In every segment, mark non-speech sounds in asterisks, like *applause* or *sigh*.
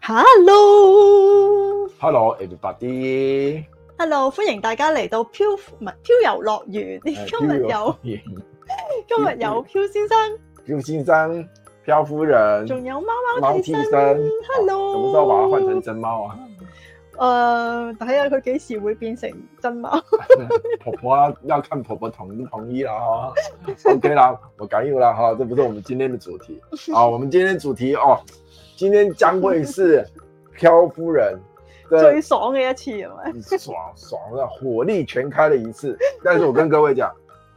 Hello，Hello everybody，Hello，歡迎大家嚟到漂唔係漂遊樂園，今日有 *laughs* 今日有漂先生，漂先生，漂夫人，仲有貓貓先生。Hello，什、啊、麼時候把它換成真貓啊？誒，睇下佢幾時會變成真貓。 *laughs* *laughs* 婆婆要看婆婆同唔同意啦，OK 啦，我同意啦，哈、啊，這不是我們今天的主題，好、 *laughs* 啊，我們今天的主題哦。啊今天將會是漂夫人 *laughs* 最爽的一次是是，係 *laughs* 咪？爽爽、啊、啦，火力全開嘅一次。但是我跟各位講，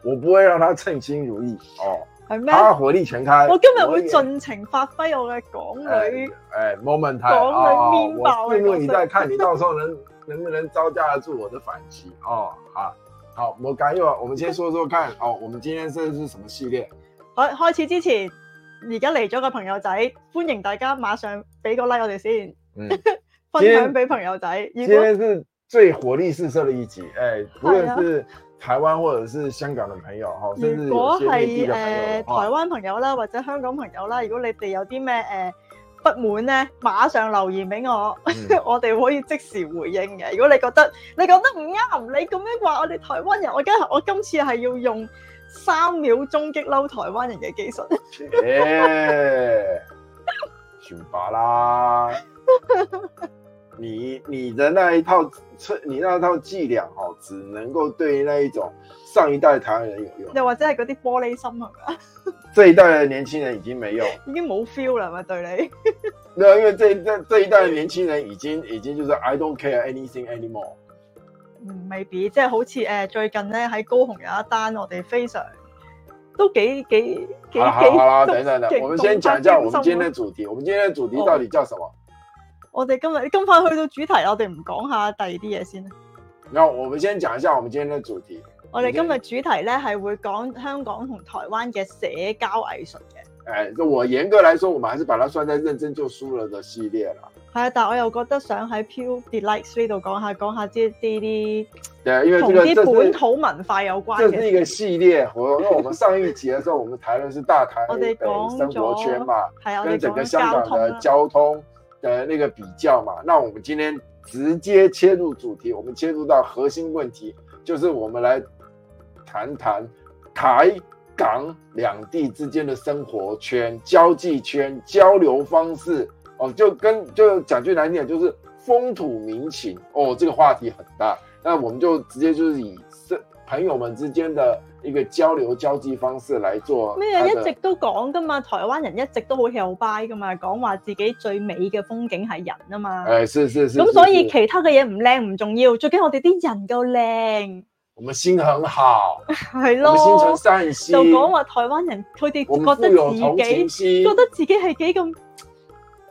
我不會讓她稱心如意哦。係她火力全開，我今日會盡情發揮我嘅港女。誒、哎哎，moment 啊、哦哦哦哦，我會目你再看，你到時候能 *laughs* 能不能招架得住我的反擊？哦、啊，好，好，我敢有，我們先說說看，好、哦，我們今天這是什麼系列？開開始之前。而家嚟咗個朋友仔，歡迎大家馬上俾個 like 我哋先，嗯、 *laughs* 分享俾朋友仔。今天是最火力四射的一集，誒、哎，不論是台灣或者是香港的朋友，嘅、啊、朋友。如果係誒、呃、台灣朋友啦，或者香港朋友啦，如果你哋有啲咩誒不滿呢，馬上留言俾我，嗯、 *laughs* 我哋可以即時回應嘅。如果你覺得你覺得唔啱，你咁樣話我哋台灣人，我今我今次係要用。三秒鐘激嬲台灣人嘅技術，算、欸、罷 *laughs* 吧啦。 *laughs* 你你的那一套，你那一套伎倆，哦，只能夠對那一種上一代台灣人有用。又或者係嗰啲玻璃心啊？ *laughs* 這一代嘅年輕人已經冇用，已經冇 feel 啦，係對你， *laughs* 因為這一代，這一代嘅年輕人已經，已經就是 I don't care anything anymore。m a y 即係好似誒、呃、最近咧喺高雄有一單，我哋非常都幾幾幾等，我勁。先講下，我們今天的主題，我們今天的主題到底叫什麼？我哋今日今快去到主題，我哋唔講下第二啲嘢先啦。然、啊、後、啊，我們先講一下我們今天的主題。我哋今日主題咧係、哦、會講香港同台灣嘅社交藝術嘅。誒、哎，我嚴格來說，我們還是把它算在認真就輸了嘅系列啦。係啊，但我又覺得想喺 Pure Delights Street 度講下講下啲啲啲對，因為同啲本土文化有關嘅。呢個系列，我因為我們上一集嘅時候， *laughs* 我們談論是大台嘅生活圈嘛，跟整個香港的交通嘅那， *laughs* 那個比較嘛。那我們今天直接切入主題，我們切入到核心問題，就是我們來談談台港兩地之間的生活圈、交際圈、交流方式。就跟就講句難聽，就是風土民情哦，這個話題很大。那我們就直接就是以朋友們之間的一個交流交際方式來做咩啊？一直都講㗎嘛，台灣人一直都好 hi bye 㗎嘛，講話自己最美嘅風景係人啊嘛。誒、哎，是是是，是。咁所以其他嘅嘢唔靚唔重要，最緊我哋啲人夠靚。我們心很好，係 *laughs* 咯，就講話台灣人，佢哋覺得自己覺得自己係幾咁。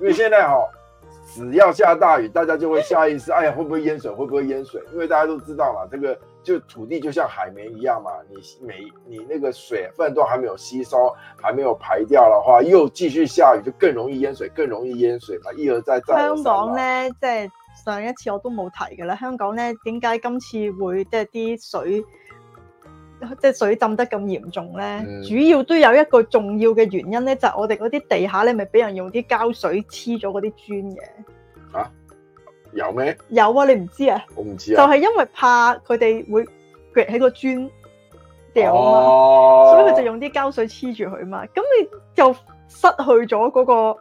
因為現在哈，只要下大雨，大家就會下意識，哎呀，會不會淹水？會不會淹水？因為大家都知道嘛，這個就土地就像海綿一樣嘛，你每你那個水分都還沒有吸收，還沒有排掉的話，又繼續下雨，就更容易淹水，更容易淹水嘛。一而再，再而三。香港呢，即係上一次我都冇提嘅啦。香港呢，點解今次會即係啲水？即係水浸得咁嚴重咧、嗯，主要都有一個重要嘅原因咧，就係、是、我哋嗰啲地下咧，咪俾人用啲膠水黐咗嗰啲磚嘅。嚇、啊？有咩？有啊，你唔知啊？我唔知啊。就係、是、因為怕佢哋會掘起個磚掉啊嘛、哦，所以佢就用啲膠水黐住佢嘛。咁你就失去咗嗰、那個嗰、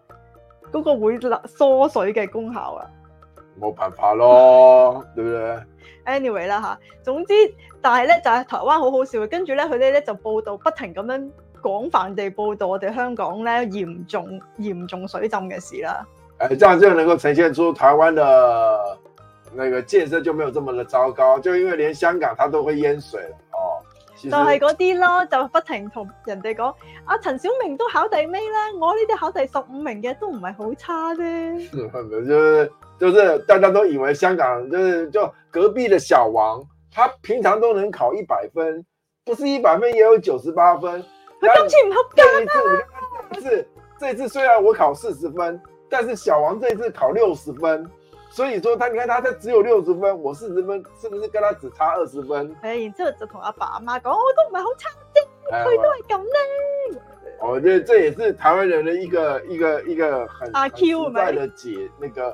那個會疏水嘅功效啊。冇辦法咯，嗯、對唔對？Anyway 啦吓，總之，但係咧就係、是、台灣好好笑嘅，跟住咧佢哋咧就報道不停咁樣廣泛地報道我哋香港咧嚴重嚴重水浸嘅事啦。誒，這樣就能夠呈現出台灣嘅那個建設就沒有咁樣的糟糕，就因為連香港它都會淹水哦。就係嗰啲咯，就不停同人哋講，阿、啊、陳小明都考第尾啦，我呢啲考第十五名嘅都唔係好差啫。係咪啫？就是大家都以為香港就是就隔壁的小王，他平常都能考一百分，不是一百分也有九十八分。他不合格、啊這，這一次，我這次這次雖然我考四十分，但是小王這一次考六十分。所以說他，你看他，他只有六十分，我四十分，是不是跟他只差二十分？哎，這、哦、就同阿爸阿媽講，我都唔係好差勁，佢都係咁呢。我覺得這也是台灣人的一個一個一個很阿 Q 的解那個。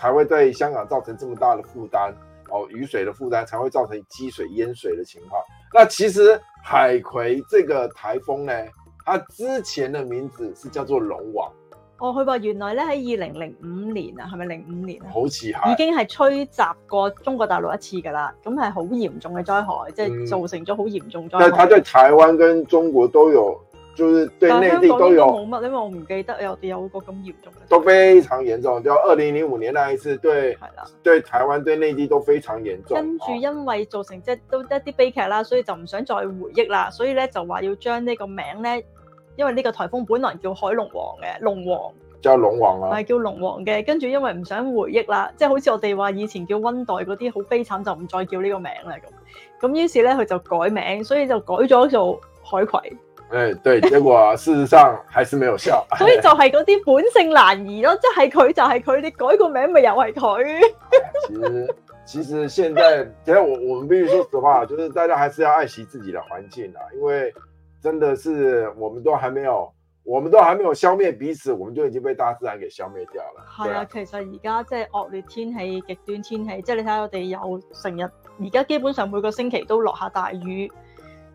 才會對香港造成這麼大的負擔，哦，雨水的負擔才會造成積水淹水的情況。那其實海葵這個颱風呢，它之前的名字是叫做龍王。哦，佢話原來咧喺二零零五年啊，係咪零五年啊？好似係已經係吹襲過中國大陸一次噶啦，咁係好嚴重嘅災害，即係造成咗好嚴重災害，嗯。但係佢對台灣跟中國都有。就是對內地都冇乜，因為我唔記得有有個咁嚴重嘅。都非常嚴重，就二零零五年那一次對，對係啦，對台灣對內地都非常嚴重。跟住因為造成即係、啊、都一啲悲劇啦，所以就唔想再回憶啦，所以咧就話要將呢個名咧，因為呢個颱風本來叫海龍王嘅龍王，就龍王啦，係叫龍王嘅、啊。跟住因為唔想回憶啦，即係好似我哋話以前叫溫黛嗰啲好悲慘，就唔再叫呢個名啦咁。咁於是咧佢就改名，所以就改咗做海葵。誒，對，結果事實上還是沒有效， *laughs* 所以就係嗰啲本性難移咯，即係佢就係、是、佢，你改個名咪又係佢。 *laughs* 其實，其實現在，即係我，我們必須說實話，就是大家還是要愛惜自己的環境啦、啊，因為真的是我們都還沒有，我們都還沒有消滅彼此，我們就已經被大自然給消滅掉了。係啊，其實而家即係惡劣天氣、極端天氣，即、就、係、是、你睇下我哋有成日，而家基本上每個星期都落下，下大雨。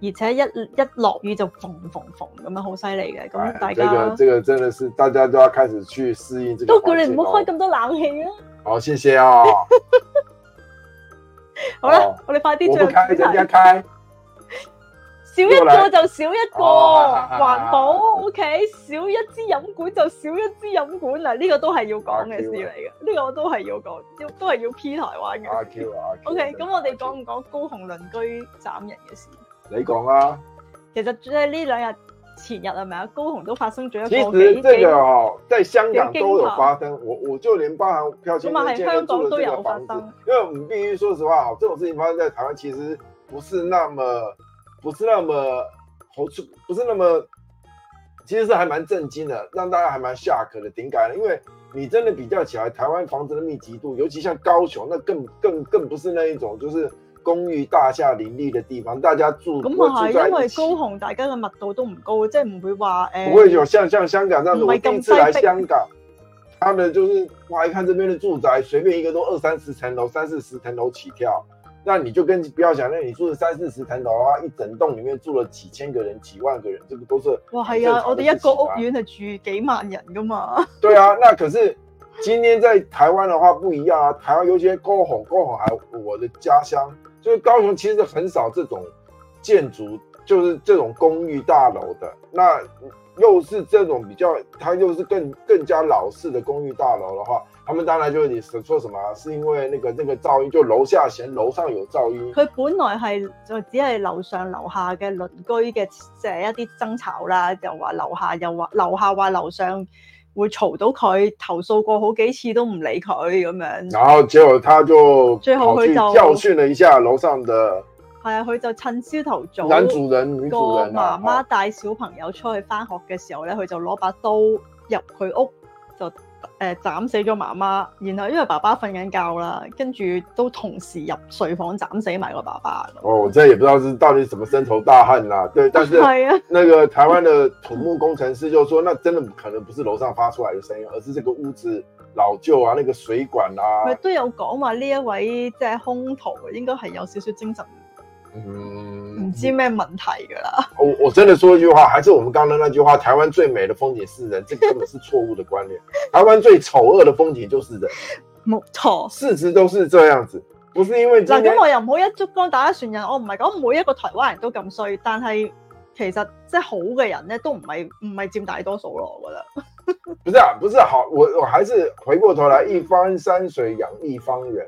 而且一一落雨就逢逢逢咁樣好犀利嘅，咁大家呢、哎這個呢、這個真係是大家都要開始去適應呢個都叫你唔好開咁多冷氣啦、啊。好、哦，謝謝啊、哦。 *laughs* 好啦、哦，我哋快啲再開，大家開少一個就少一個，環保。O K，少一支飲管就少一支飲管啦！呢、這個都係要講嘅事嚟嘅。呢個我都係要講，都都係要 P 台灣嘅。O K，咁我哋講唔講高雄鄰居斬人嘅事？你講啊，其實呢兩日前日係咪啊？高雄都發生咗一個，其實這個、哦、在香港都有發生，我我就連包行飄錢都見佢住咗一個房子。因為我們必須說實話，哦，這種事情發生在台灣，其實不是那麼，不是那麼好不是那麼，其實是還蠻震驚的，讓大家還蠻 shock 的，點解。因為你真的比較起來，台灣房子的密集度，尤其像高雄，那更更更不是那一種，就是。公寓大廈林立的地方，大家住。咁、嗯、啊，因為高雄大家嘅密度都唔高，即係唔會話誒。唔會有像像香港咁。唔係咁細。第一次來香港，他們就是哇！一看，這邊的住宅，隨便一個都二三十層樓、三四十層樓起跳。那你就跟不要想，那你住了三四十層樓嘅話，一整棟裏面住了幾千個人、幾萬個人，這、就、個、是、都是、啊。哇，係啊！我哋一個屋苑係住幾萬人㗎嘛。對啊，那可是今天在台灣的話，不一樣啊。台灣有些高雄、高雄，還有我的家鄉。所以高雄其實很少這種建築，就是這種公寓大樓的。那又是這種比較，它又是更更加老式的公寓大樓的話，他們當然就是你說什麼，是因為那個那個噪音，就樓下嫌樓上有噪音。佢本來係就只係樓上樓下嘅鄰居嘅，即係一啲爭吵啦，又話樓下又話樓下話樓上，會嘈到佢，投訴過好幾次都唔理佢咁樣。然後結果他就最後佢就教訓了一下樓上的。係啊，佢就趁朝頭早男主人女主人，媽媽帶小朋友出去返學嘅時候咧，佢就攞把刀入佢屋就。誒、呃，斬死咗媽媽，然後因為爸爸瞓緊覺啦，跟住都同時入睡房斬死埋個爸爸。哦，我真係也不知道是到底什麼深仇大恨啦、啊。對，但是、嗯、那個台灣的土木工程師就說、嗯，那真的可能不是樓上發出來的聲音，嗯、而是這個屋子老舊啊，那個水管啊。咪都有講話呢一位即係兇徒，應該係有少少精神。唔、嗯、知咩問題噶啦，我、哦、我真的說一句話，還是我們剛才那句話，台灣最美的風景是人，這個根本是錯誤的觀念。 *laughs* 台灣最醜惡的風景就是人，冇錯，事實都是這樣子，不是因為這樣，咁我又唔好一竹篙打一船人，我唔係講每一個台灣人都咁衰，但係其實即係好嘅人咧，都唔係唔係佔大多數咯，我覺得。 *laughs* 不是，啊，不是好，我我還是回過頭來，一方山水養一方人。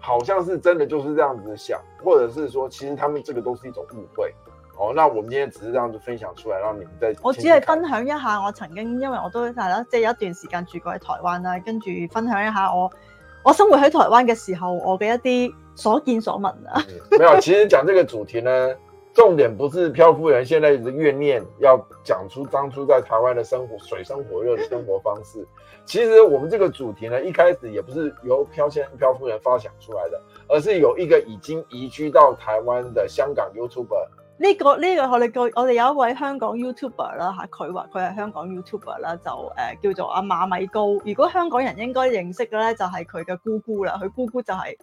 好像是真的就是這樣子想，或者是說，其實他們這個都是一種誤會哦。那我們今天只是這樣子分享出來，讓你們在我只係分享一下我曾經，因為我都係啦，即係有一段時間住過喺台灣啦，跟住分享一下我我生活喺台灣嘅時候，我嘅一啲所見所聞啊、 *laughs* 嗯。沒有，其實講這個主題呢，重點不是漂夫人現在嘅怨念，要講出當初在台灣的生活水深火熱的生活方式。 *laughs* 其實我們這個主題呢，一開始也不是由漂先生飄夫人發想出來的，而是有一個已經移居到台灣的香港 YouTuber。呢、這個呢、這個我哋個我哋有一位香港 YouTuber 啦、啊、吓，佢話佢係香港 YouTuber 啦，就、呃、誒叫做阿馬米高。如果香港人應該認識嘅呢，就係佢嘅姑姑啦。佢姑姑就係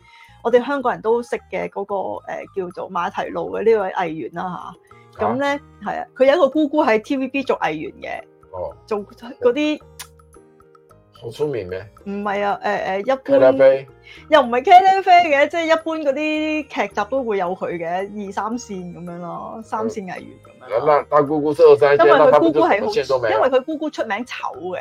我哋香港人都識嘅嗰，那個誒、呃、叫做馬蹄露嘅呢位藝員啦吓。咁、啊啊、呢，係啊，佢有一個姑姑喺 TVB 做藝員嘅。哦，做嗰啲。好出名嘅？唔係啊，誒、欸、誒、欸，一般。又唔係 KTV 嘅，即係一般嗰啲劇集都會有佢嘅二三線咁樣咯，三線藝員咁樣。但啦，但、嗯、係姑姑收晒，因為佢姑姑係好，因為佢姑姑出名醜嘅，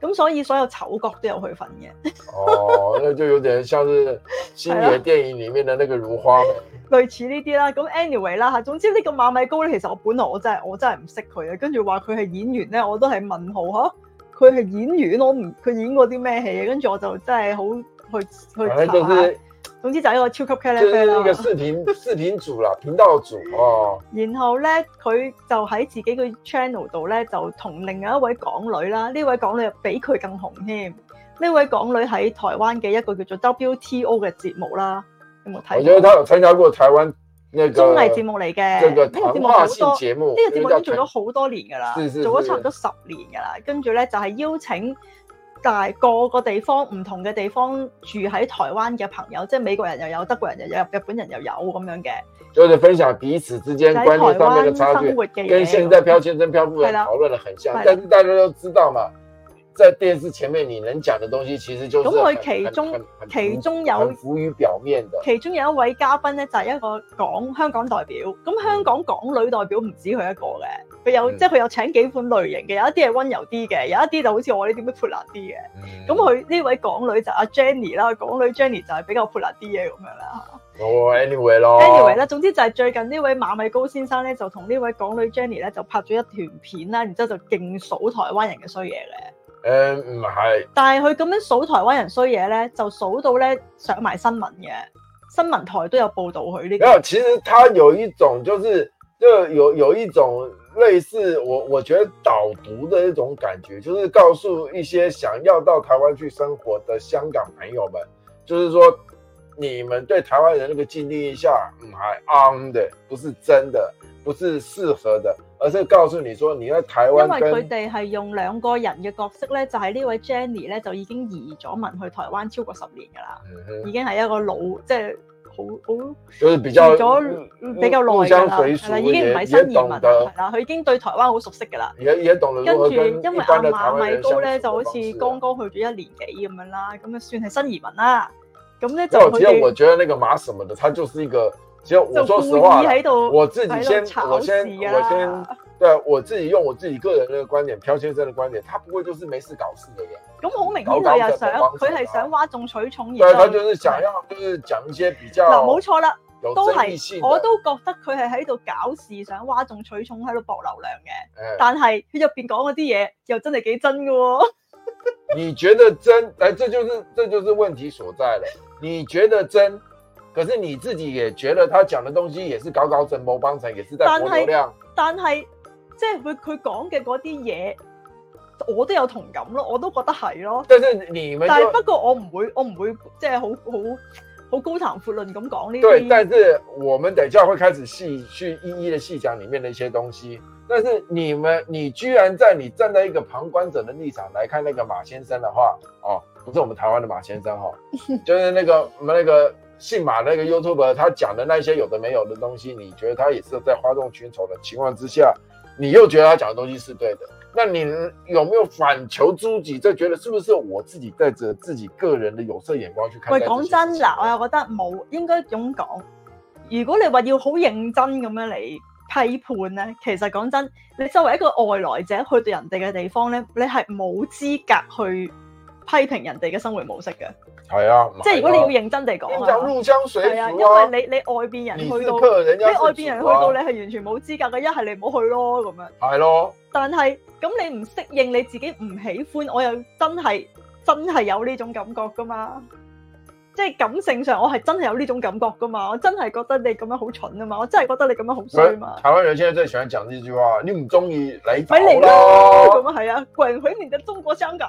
咁所以所有丑角都有佢份嘅。 *laughs* 哦，那就有點像是星爺電影裏面嘅那個如花、 *laughs* 啊。類似呢啲啦，咁 anyway 啦吓，總之呢個馬米高咧，其實我本來我真係我真係唔識佢嘅。跟住話佢係演員咧，我都係問號呵。佢係演員咯，唔佢演過啲咩戲？跟住我就真係好去去查下、啊就是。總之就係一個超級 cat lady 咯。就係、一個視頻視頻主啦， *laughs* 頻道主哦。然後咧，佢就喺自己嘅 channel 度咧，就同另外一位港女啦。呢位港女比佢更紅添。呢位港女喺台灣嘅一個叫做 WTO 嘅節目啦，有冇睇？我覺得佢有參加過台灣綜藝節目嚟嘅，呢、這個節目好、這個、多，目，呢、這個節目已經做咗好多年噶啦，是是是做咗差唔多十年噶啦。是是是跟住咧就係、是、邀請大個個地方唔同嘅地方住喺台灣嘅朋友，即係美國人又有德國人又有日本人又有咁樣嘅。我、就、哋、是、分享彼此之間觀念上面嘅差距、就是台灣生活，跟現在漂先生、漂夫人討論得很像，是但係大家都知道嘛。在電視前面，你能講嘅東西其實就咁，佢其中其中有浮於表面的。其中有一位嘉賓咧就係、是、一個港香港代表。咁香港港女代表唔止佢一個嘅，佢有、嗯、即係佢有請幾款類型嘅，有一啲係溫柔啲嘅，有一啲就好似我呢啲都潑辣啲嘅。咁佢呢位港女就是阿 Jenny 啦，港女 Jenny 就係比較潑辣啲嘢咁樣啦。哦，anyway 咯，anyway 啦，總之就係最近呢位馬米高先生咧就同呢位港女 Jenny 咧就拍咗一段片啦，然之後就勁數台灣人嘅衰嘢嘅。誒、嗯，唔係，但係佢咁樣數台灣人衰嘢咧，就數到咧上埋新聞嘅，新聞台都有報道佢呢。因其實他有一種，就是，就有有一種類似我，我覺得導讀的一種感覺，就是告訴一些想要到台灣去生活的香港朋友們，就是說，你們對台灣人那個經歷一下，唔係啱的，不是真的。不是適合的，而是告訴你說，你在台灣。因為佢哋係用兩個人嘅角色咧，就係、是、呢位 Jenny 咧，就已經移咗民去台灣超過十年噶啦，已經係一個老，即係好好。就是比較咗比較耐啦，係啦，已經唔係新移民係啦，佢已經對台灣好熟悉噶啦。而家而家當跟住、啊，因為阿馬米高咧，就好似剛剛去咗一年幾咁樣啦，咁啊算係新移民啦。咁咧就，首先，我覺得呢個馬什麼的，他就是一個。其實我說實話喺度，我自己先，我先，我先，對我自己用我自己個人嘅觀點，漂先生嘅觀點，他不會就是沒事搞事嘅人，咁好明顯佢又想，佢係想嘩眾取寵，而佢就是想要，就是講一些比較嗱，冇錯啦，都係，我都覺得佢係喺度搞事，想嘩眾取寵，喺度博流量嘅。欸，但係佢入邊講嗰啲嘢又真係幾真嘅。哦， *laughs* 你覺得真？誒，這就是，這就是問題所在啦，你覺得真？可是你自己也覺得他講的東西也是高高枕謀幫成，也是在博流，但是即係佢佢講嘅嗰啲嘢，我都有同感咯，我都覺得係咯。但是你們，但係不過我唔會，我唔會即係好好好高談闊論咁講呢。對，但是我們等一下會開始細去一一的細講裏面的一些東西。但是你們，你居然在你站在一個旁觀者的立場來看那個馬先生的話哦、啊，不是我們台灣的馬先生哈、啊，就是那個那個。 *laughs* 信馬那個 YouTube，他講的那些有的沒有的東西，你覺得他也是在嘩眾取寵的情況之下，你又覺得他講的東西是對的，那你有沒有反求諸己，就覺得是不是我自己帶着自己個人的有色眼光去看。喂，講真啦，我又覺得冇，應該點講？如果你話要好認真咁樣嚟批判咧，其實講真，你作為一個外來者去到人哋嘅地方咧，你係冇資格去批評人哋嘅生活模式嘅。係啊，即係如果你要認真地講，入江水。係啊，因為你你外邊人去到，你外邊人去到，你係完全冇資格嘅。一係你唔好去咯，咁樣。係咯。但係咁你唔適應，你自己唔喜歡，我又真係真係有呢種感覺噶嘛。即係感性上，我係真係有呢種感覺噶嘛。我真係覺得你咁樣好蠢啊嘛！我真係覺得你咁樣好衰嘛！台灣人現在真係想講呢句話：你唔中意，你咪嚟咯！咁啊係啊，滾回你的中國香港。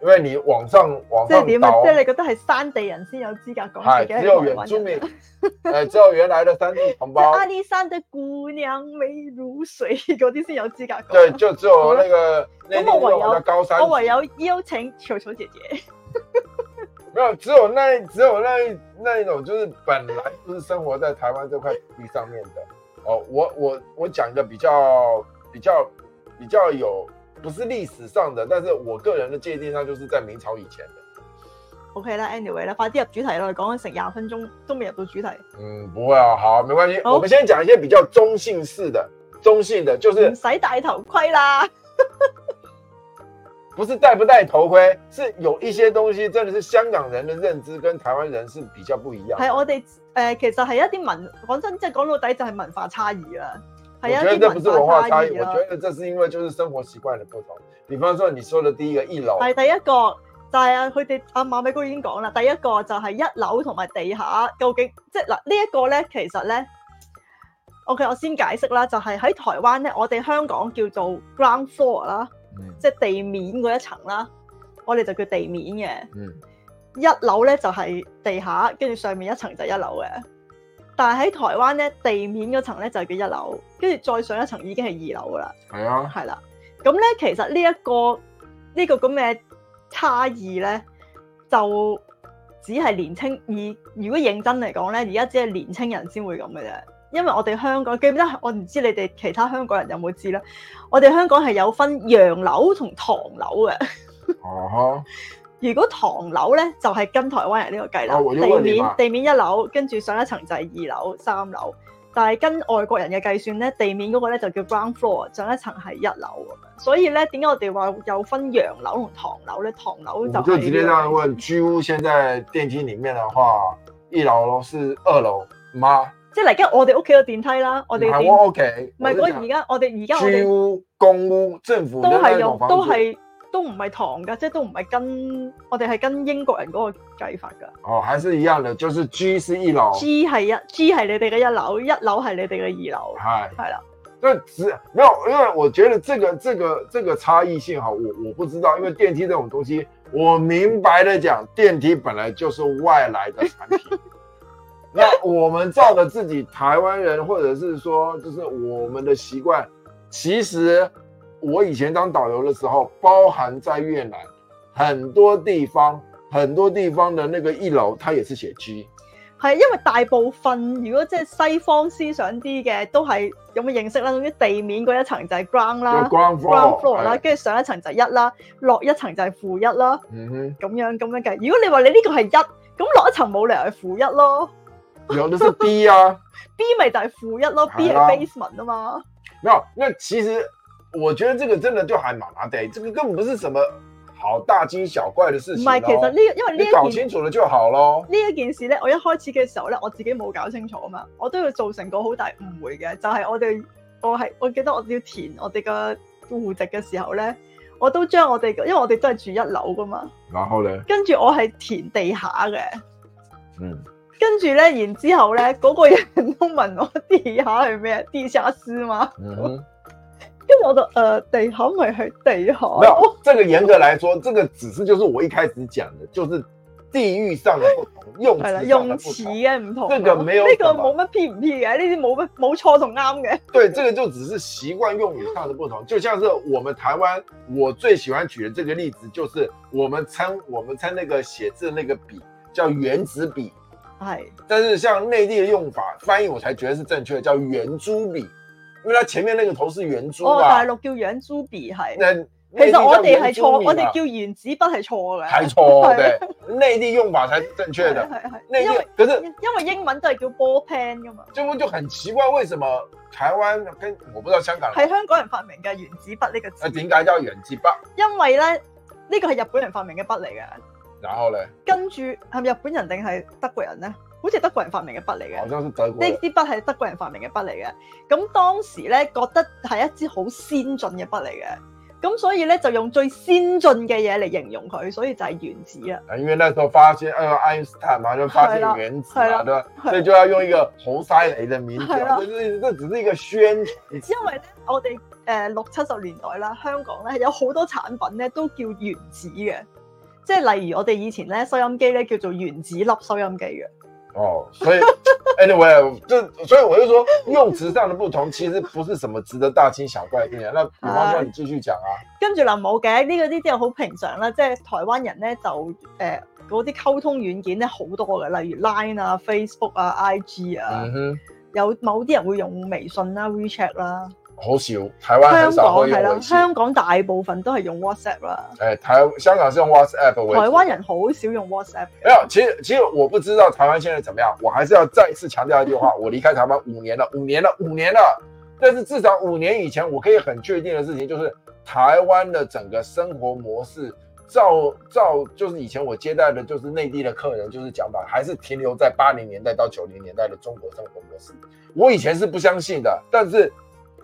因為你往上往上，即係點啊？即是你覺得係山地人先有資格講嘢，只有原住民，誒， *laughs* 只有原來的山地同胞。阿里山的姑娘美如水，嗰啲先有資格講。對，就只有那個，咁我唯有，我唯有邀請球球姐姐。沒有，只有那只有那那一種，就是本來就是生活在台灣這塊土地上面的。哦， *laughs* 我我我講嘅比較比較比較有。不是歷史上的，但是我個人的界定上就是在明朝以前的。OK 啦，Anyway 啦，快啲入主題啦，講咗成廿分鐘都未入到主題。嗯，不會啊，好，沒關係。我們先講一些比較中性式的，中性的，就是唔使戴頭盔啦。 *laughs* 不是戴不戴頭盔，是有一些東西，真的是香港人的認知跟台灣人是比較不一樣的。係我哋誒、呃，其實係一啲文，講真的，即係講到底就係文化差異啦。係啊，我覺得這唔係文化差異，我覺得這是因為就是生活習慣嘅不同。比方說，你說嘅第一個一樓，係第一個，就係佢哋阿馬米高已經講啦，第一個就係一樓同埋地下，究竟即係嗱、這個、呢一個咧，其實咧，OK，我先解釋啦，就係、是、喺台灣咧，我哋香港叫做 ground floor 啦，mm. 即係地面嗰一層啦，我哋就叫地面嘅，mm. 一樓咧就係、是、地下，跟住上面一層就係一樓嘅。但係喺台灣咧，地面嗰層咧就係叫一樓，跟住再上一層已經係二樓噶啦。係啊，係啦。咁咧，其實呢、呢、一個呢、呢個咁嘅差異咧，就只係年輕，而如果認真嚟講咧，而家只係年輕人先會咁嘅啫。因為我哋香港，記唔記得？我唔知你哋其他香港人有冇知啦。我哋香港係有分洋樓同唐樓嘅。哦、啊。如果唐樓咧，就係、是、跟台灣人呢個計樓、哦，地面地面一樓，跟住上一層就係二樓、三樓。但係跟外國人嘅計算咧，地面嗰個咧就叫 ground floor，上一層係一樓咁樣。所以咧，點解我哋話有分洋樓同唐樓咧？唐樓就即係呢啲啦。我哋居屋現在電梯裏面嘅話，一樓咯，是二樓嗎？即係嚟緊我哋屋企嘅電梯啦，我哋電梯 o 唔係我而家，我哋而家居屋、公屋、政府都係用，都係。都都唔係唐噶，即係都唔係跟我哋係跟英國人嗰個計法噶。哦，還是一樣的，就是 G 是一樓，G 係一，G 係你哋嘅一樓，一樓係你哋嘅二樓。係係啦，即係只沒有，因為我覺得這個、這個、這個差異性哈，我我不知道，因為電梯這種東西，我明白的講，電梯本來就是外來的產品，那 *laughs* 我們照着自己台灣人，或者是說，就是我們的習慣，其實。我以前當導遊嘅時候，包含在越南很多地方，很多地方的那個一樓，它也是寫 G。係，因為大部分如果即係西方思想啲嘅，都係咁嘅認識啦。咁啲地面嗰一層就係 ground 啦，ground floor 啦，跟住上一層就一啦，落一層就係負一啦。嗯哼，咁樣咁樣計。如果你話你呢個係一，咁落一層冇理由係負一咯。有都係 B 啊 *laughs* ，B 咪就係負一咯，B 係 basement 啊嘛。沒有，因為其實。我覺得這個真的就還麻麻哋，這個根本不是什麼好大驚小怪的事情。唔係，其實呢、這個，因為呢一件你搞清楚了就好咯。呢一件事咧，我一開始嘅時候咧，我自己冇搞清楚啊嘛，我都要造成一個好大誤會嘅，就係、是、我哋我係我記得我要填我哋個戶籍嘅時候咧，我都將我哋，因為我哋都係住一樓噶嘛。然後咧。跟住我係填地下嘅，嗯。跟住咧，然之後咧，嗰、那個人都問我地下係咩？地下室嗎？嗯，嗯。咁我就得地海咪係地海，冇。這個嚴格來說，這個只是就是我一開始講的，就是地域上的不同，用法上的不同。係啦，用詞啊唔同。呢個沒有，呢個冇乜屁唔屁嘅，呢啲冇乜冇錯同啱嘅。對，這個就只是習慣用語上的不同，就像是我們台灣，我最喜歡舉的這個例子，就是我們稱我們稱那個寫字那個筆叫原子筆，係。但是像內地的用法，翻譯我才覺得是正確，叫圓珠筆。因為佢前面那個頭是圓珠哦，大陸叫圓珠筆係。其實我哋係錯，我哋叫原子筆係錯嘅，係錯嘅，內 *laughs* 地用法才正確嘅，係係，內地可是因為英文都係叫 ball pen 噶嘛，中文就很奇怪，為什麼台灣跟，我不知道香港，係香港人發明嘅原子筆呢個，字。點解叫原子筆？因為咧呢、這個係日本人發明嘅筆嚟嘅，然後咧，跟住係咪日本人定係德國人咧？好似德國人發明嘅筆嚟嘅，呢支筆係德國人發明嘅筆嚟嘅。咁當時咧覺得係一支好先進嘅筆嚟嘅，咁所以咧就用最先進嘅嘢嚟形容佢，所以就係原子啊。因為那時候發現，誒，愛因斯坦啊，都發現原子啊，都所以就要用一個好犀利嘅名字。係啦，這這只是一個宣。因為咧，我哋誒六七十年代啦，香港咧有好多產品咧都叫原子嘅，即係例如我哋以前咧收音機咧叫做原子粒收音機嘅。哦、oh，所以 anyway， *laughs* 所以我就說用詞上的不同，其實不是什麼值得大驚小怪嘅、啊、 *laughs* 那不、啊，比方說你繼續講啊。跟住啦，冇嘅呢個呢啲又好平常啦，即係台灣人咧就誒嗰啲溝通軟件咧好多嘅，例如 Line 啊、Facebook 啊、IG 啊，嗯、有某啲人會用微信啦、啊、WeChat 啦。好少，台灣很少，香港，香港大部分都是用 WhatsApp 啦。哎、台，香港是用 WhatsApp。台灣人好少用 WhatsApp。其實其實我不知道台灣現在怎麼樣。我還是要再一次強調一句話。 *laughs* 我離開台灣五年了，五年了，五年了。但是至少五年以前，我可以很確定的事情，就是台灣的整個生活模式，照照就是以前我接待的，就是內地的客人，就是講法，還是停留在八零年代到九零年代的中國生活模式。我以前是不相信的，但是。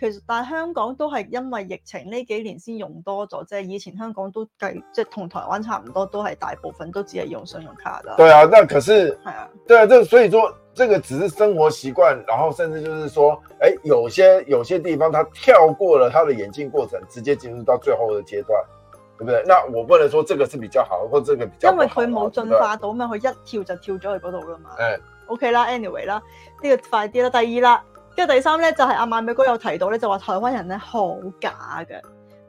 其實但香港都係因為疫情呢幾年先用多咗即係，以前香港都計即係同台灣差唔多，都係大部分都只係用信用卡嘅。對啊，那可是對啊,對啊，這所以說這個只是生活習慣，然後甚至就是說，誒、欸，有些有些地方，他跳過了他的演進過程，直接進入到最後的階段，對不對？那我不能說這個是比較好，或這個比較好，因為佢冇進化到嘛，佢一跳就跳咗去嗰度噶嘛。誒、欸、，OK 啦，Anyway 啦，呢、這個快啲啦，第二啦。即係第三咧，就係阿馬米高有提到咧，就話台灣人咧好假嘅，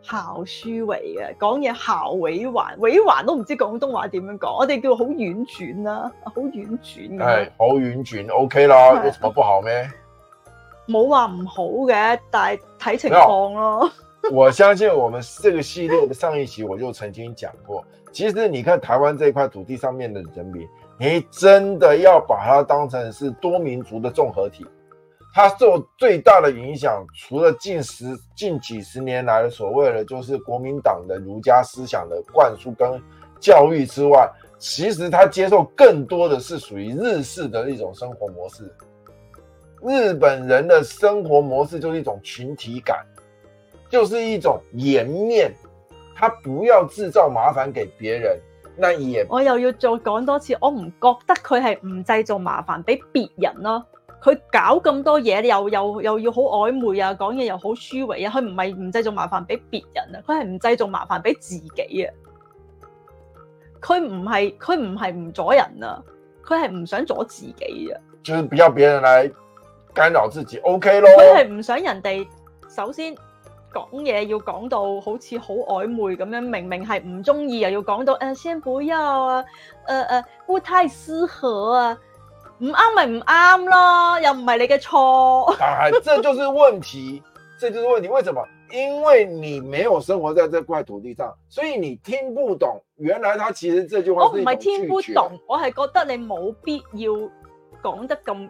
好虛偽嘅，講嘢好委婉，委婉都唔知廣東話點樣講，我哋叫好婉轉啦、啊，好婉轉咁係好婉轉，O K 啦，有、哎、波、哦 okay、不好咩？冇話唔好嘅，但係睇情況咯。我相信我們這個系列嘅上一集我就曾經講過， *laughs* 其實你看台灣這塊土地上面的人民，你真的要把它當成是多民族的綜合體。他受最大的影響，除了近十近幾十年來的所謂的就是國民黨的儒家思想的灌輸跟教育之外，其實他接受更多的是屬於日式的那種生活模式。日本人的生活模式就是一種群體感，就是一種顏面，他不要製造麻煩給別人。那也，我又要做講多次，我唔覺得佢係唔製造麻煩畀別人咯。佢搞咁多嘢，你又又又要好曖昧啊，講嘢又好虛偽啊，佢唔係唔製造麻煩俾別人啊，佢係唔製造麻煩俾自己啊。佢唔係佢唔係唔阻人啊，佢係唔想阻自己啊。就係俾要別人來干擾自己，OK 咯。佢係唔想人哋首先講嘢要講到好似好曖昧咁樣，明明係唔中意又要講到，誒、啊，先不要啊，誒、啊、誒，不太適合啊。唔啱咪唔啱咯，又唔係你嘅錯。唉、啊， *laughs* 這就是問題，這就是問題。為什麼？因為你沒有生活在這塊土地上，所以你聽不懂。原來他其實這句話是我唔係聽不懂，我係覺得你冇必要講得咁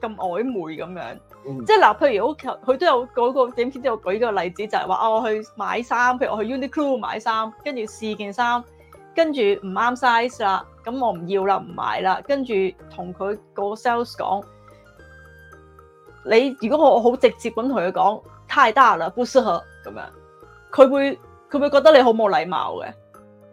咁曖昧咁樣。嗯、即係嗱，譬如我佢都有嗰、那個點先之我舉個例子，就係話哦，啊、我去買衫，譬如我去 Uniqlo 買衫，跟住試件衫。跟住唔啱 size 啦，咁我唔要啦，唔買啦。跟住同佢個 sales 講，你如果我好直接咁同佢講太大啦，不適合咁樣，佢會佢會覺得你好冇禮貌嘅。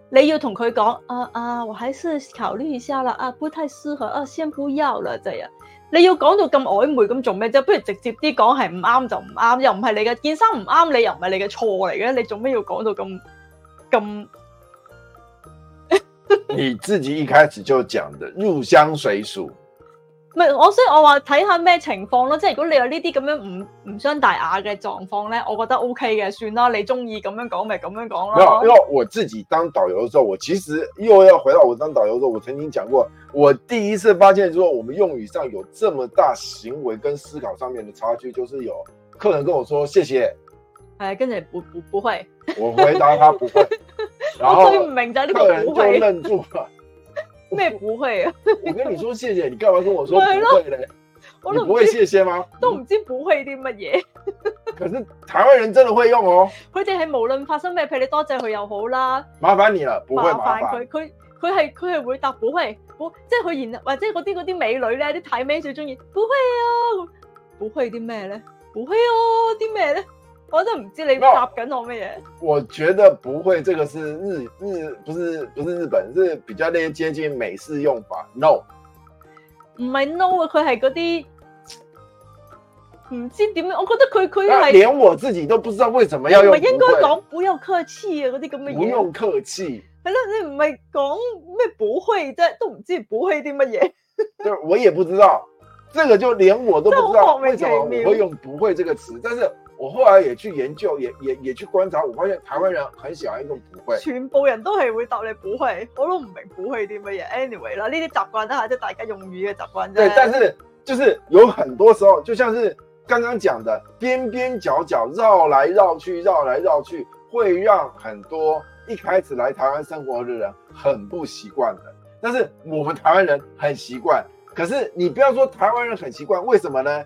你要同佢講啊啊，我還是考慮一下啦，啊不太適合，啊，先不要啦，真係。你要講到咁曖昧咁做咩啫？不如直接啲講，係唔啱就唔啱，又唔係你嘅件衫唔啱你,又你，又唔係你嘅錯嚟嘅，你做咩要講到咁咁？ *laughs* 你自己一開始就講的“入鄉隨俗”，唔係我，所以我，我話睇下咩情況咯。即係如果你有呢啲咁樣唔唔傷大雅嘅狀況咧，我覺得 OK 嘅，算啦。你中意咁樣講咪咁樣講啦。因為我自己當導遊嘅時候，我其實又要回到我當導遊嘅時候，我曾經講過，我第一次發現，說我們用語上有這麼大行為跟思考上面的差距，就是有客人跟我說：“謝謝。”哎，跟住不不不會， *laughs* 我回答他不會。 *laughs* 我最唔明就係客人會愣住，咩不會啊？ *laughs* 我跟你說謝謝，你幹嘛跟我說不會咧？就是，我都唔會謝謝嗎？都唔知補氣啲乜嘢。 *laughs* 可是台灣人真的會用哦。佢哋係無論發生咩，譬如你多謝佢又好啦。麻煩你啦，不會麻煩。麻煩佢，佢佢係佢係會答補氣補，即係佢然或者嗰啲嗰啲美女咧，啲台妹最中意補氣啊？補氣啲咩咧？補氣哦，啲咩咧？我都唔知你答緊我乜嘢。No, 我覺得不會，這個是日日，不是不是日本，是比較那些接近美式用法。No，唔係 no 啊，佢係嗰啲唔知點樣。我覺得佢佢係連我自己都不知道為什麼要用。應該講不用客氣啊，嗰啲咁嘅嘢。不用客氣。係咯，你唔係講咩不會啫，都唔知不會啲乜嘢。我 *laughs* 我也不知道，這個就連我都不知道為什麼我會用不會這個詞，但是。我後來也去研究，也也也去觀察，我發現台灣人很喜歡一種不會，全部人都係會答你不會，我都唔明不會啲乜嘢。Anyway 啦，呢啲習慣都係大家用語嘅習慣。對，但是就是有很多時候，就像是剛剛講的，邊邊角角繞來繞去，繞來繞去，會讓很多一開始來台灣生活的人很不習慣的。但是我們台灣人很習慣。可是你不要說台灣人很習慣，為什麼呢？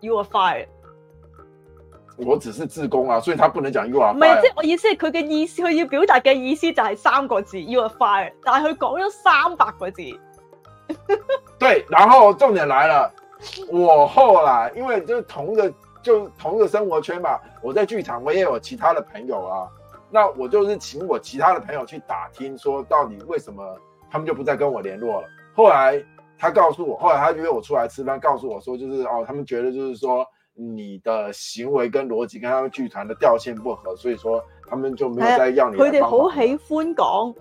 You are fired。我只是志工啊，所以他不能講 you are。唔係啊，即我意思係佢嘅意思，佢要表達嘅意思就係三個字，You are fired。但係佢講咗三百個字。 *laughs* 對，然後重點來了，我後來因為就同一個就同一個生活圈嘛，我在劇場，我也有其他的朋友啊。那我就是請我其他的朋友去打聽說到底為什麼他們就不再跟我聯絡了。後來。他告訴我，後來他約我出來吃飯，告訴我說，就是哦，他們覺得就是說你的行為跟邏輯跟他們劇團的調性不合，所以說他們就沒有再要你來。他哋好喜歡講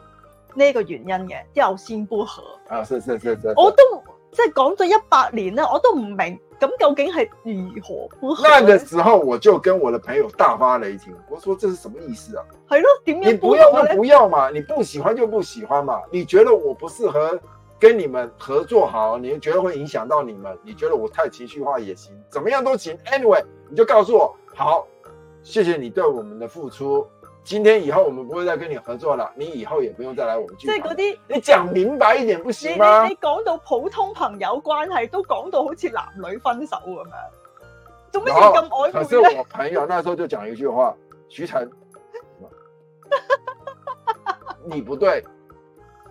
呢個原因耶，調性不合啊，是是是是，是。我都即係講咗一百年了，我都唔明咁究竟係如何不合。那個時候我就跟我的朋友大發雷霆，我說這是什麼意思啊？係咯，點樣啊，你不要就不要嘛，你不喜歡就不喜歡嘛，你覺得我不適合。跟你們合作好，你覺得會影響到你們？你覺得我太情緒化也行，怎麼樣都行。Anyway，你就告訴我好，謝謝你對我們的付出。今天以後我們不會再跟你合作了，你以後也不用再來我們劇組。即係嗰啲，你講明白一點不行嗎？你講到普通朋友關係都講到好似男女分手咁樣，做乜嘢咁曖昧咧？可是我朋友那時候就講一句話：徐晨， *laughs* 你不對。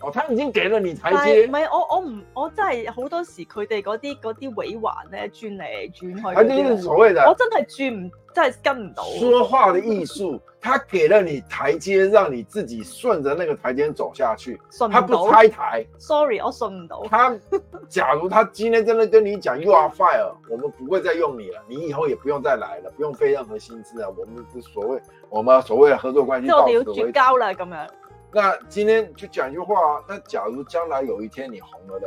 哦，他已經給了你台階，唔係我我唔我真係好多時佢哋嗰啲嗰啲委婉咧轉嚟轉去，呢啲所謂嘅，我真係轉唔真係跟唔到。說話嘅藝術， *laughs* 他給了你台階，讓你自己順着那個台階走下去。不他不拆台。 *laughs* Sorry，我順唔到。他 *laughs* 假如他今天真的跟你講 You are fired 我們不會再用你了，你以後也不用再來了，不用費任何心思啊。我們所謂我們所謂的合作關係到此為止。我哋要絕交啦咁樣。那今天就講一句話啊。那假如將來有一天你紅了呢，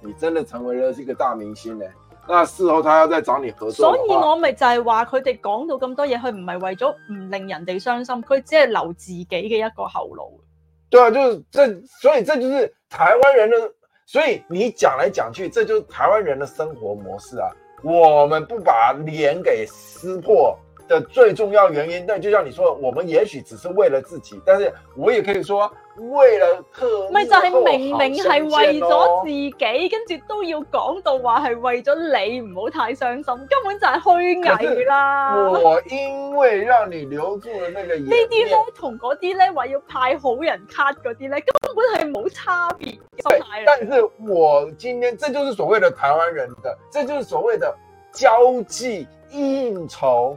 你真的成為了一個大明星呢，那事後他要再找你合作，所以我咪就係話，佢哋講到咁多嘢，佢唔係為咗唔令人哋傷心，佢只係留自己嘅一個後路。對啊，就這，所以這就是台灣人的，所以你講來講去，這就是台灣人的生活模式啊。我們不把臉給撕破。的最重要原因，但就像你說，我們也許只是為了自己，但是我也可以說為了客戶不是，就是明明是為了自己，哦、自己跟住都要講到話係為了你，唔好太傷心，根本就係虛偽啦。我因為讓你留住咗那個，這些那些呢啲咧同嗰啲咧話要派好人卡嗰啲咧，根本係冇差別。對，但是我今天，這就是所謂的台灣人的，這就是所謂的交際應酬。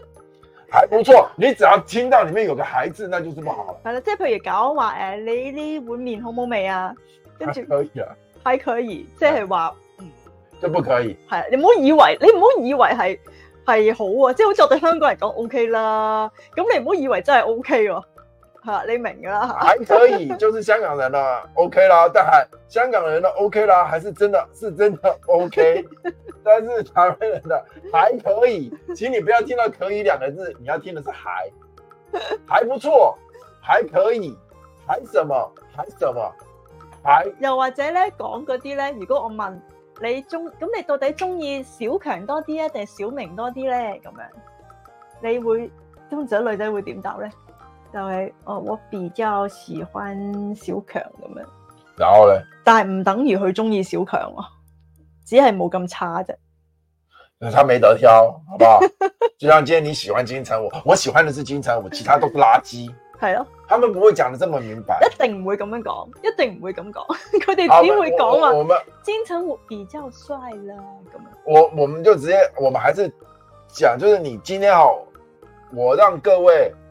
還不錯，你只要聽到裏面有個孩子，那就是不好了。係、嗯、啦，即係譬如搞話，誒，你呢碗麵好唔好味啊？跟住可以、啊、還可以，即係話，嗯，真不可以。嗯、你唔好以為，你唔好以為係，係好啊，即係好似我哋香港人講 O K 啦，咁你唔好以為真係 O K 喎。吓，你明啦，還可以， *laughs* 就是香港人啦，OK 啦，但係，香港人啦，OK 啦，還是真的是真的 OK， *laughs* 但是台灣人的還可以，請你不要聽到可以兩個字，你要聽的是還，還不錯，還可以，還什麼？還什麼？還？又或者咧，講嗰啲咧，如果我問你中，咁你到底中意小強多啲啊，定小明多啲咧？咁樣你會通常女仔會點答咧？就係、是哦、我比較喜歡小強咁樣，然後咧，但係唔等於佢中意小強哦，只係冇咁差啫。佢他沒得挑，好不好？ *laughs* 就像今天你喜歡金城武，我喜歡的是金城武，其他都垃圾。係 *laughs* 咯、哦，他們不會講得這麼明白，一定唔會咁樣講，一定唔會咁講，佢哋只會講話、啊、金城武比較帥啦咁樣。我，我們就直接，我們還是講，就是你今天好，我讓各位。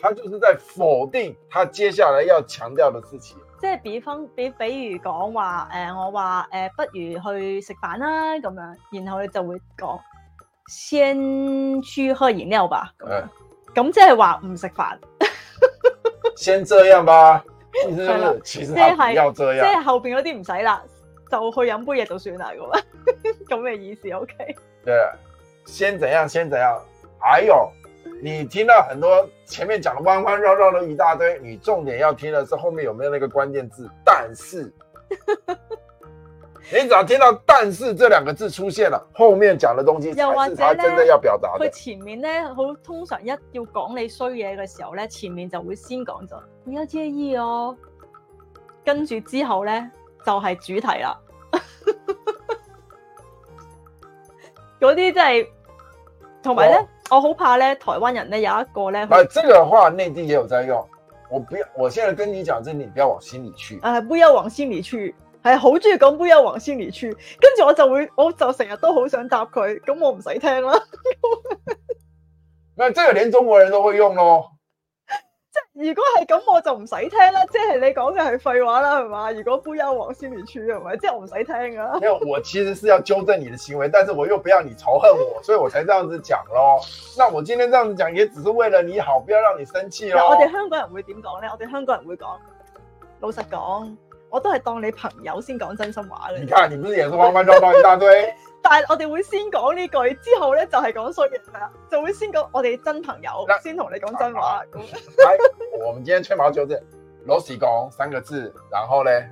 他就是在否定他接下來要強調的事情，即係比方比比如講話誒，我話誒、呃，不如去食飯啦咁樣，然後你就會講先去喝飲料吧，咁咁即係話唔食飯，先這樣吧，係 *laughs* 啦，即係、就是就是、後邊嗰啲唔使啦，就去飲杯嘢就算啦，咁樣咁嘅意思，OK？對，先怎樣，先怎樣，哎呦。你聽到很多前面講的彎彎繞繞的一大堆，你重點要聽的是後面有沒有那個關鍵字。但是， *laughs* 你只要聽到“但是”這兩個字出現了，後面講的東西才是他真的要表達的。他前面呢，好通常一要講你衰嘢嘅時候呢，前面就會先講咗“不要介意”哦，跟住之後呢，就係、是、主題啦。嗰啲真係，同埋呢。我好怕咧，台灣人咧有一個咧。啊，這個話內地也有在用，我不要，我現在跟你講，即你不要往心裡去。啊，不要往心裡去，係好中意講不要往心裡去，跟住我就會，我就成日都好想答佢，咁我唔使聽啦。那這個連中國人都會用咯。如果係咁，我就唔使聽啦，即係你講嘅係廢話啦，係嘛？如果忽悠王先蓮柱係咪？即係我唔使聽㗎！因為我其實是要糾正你的行為，但是我又不要你仇恨我，所以我才這樣子講咯。 *laughs* 那我今天這樣子講，也只是為了你好，不要讓你生氣咯。我哋香港人會點講咧？我哋香港人會講，老實講，我都係當你朋友先講真心話嘅。你看，你不是也是彎彎繞繞一大堆？ *laughs* 但係我哋會先講呢句，之後咧就係、是、講衰嘅啦，就會先講我哋真朋友，先同你講真話。咁、啊啊、 *laughs* 我哋今天吹毛就係老實講三個字，然後咧，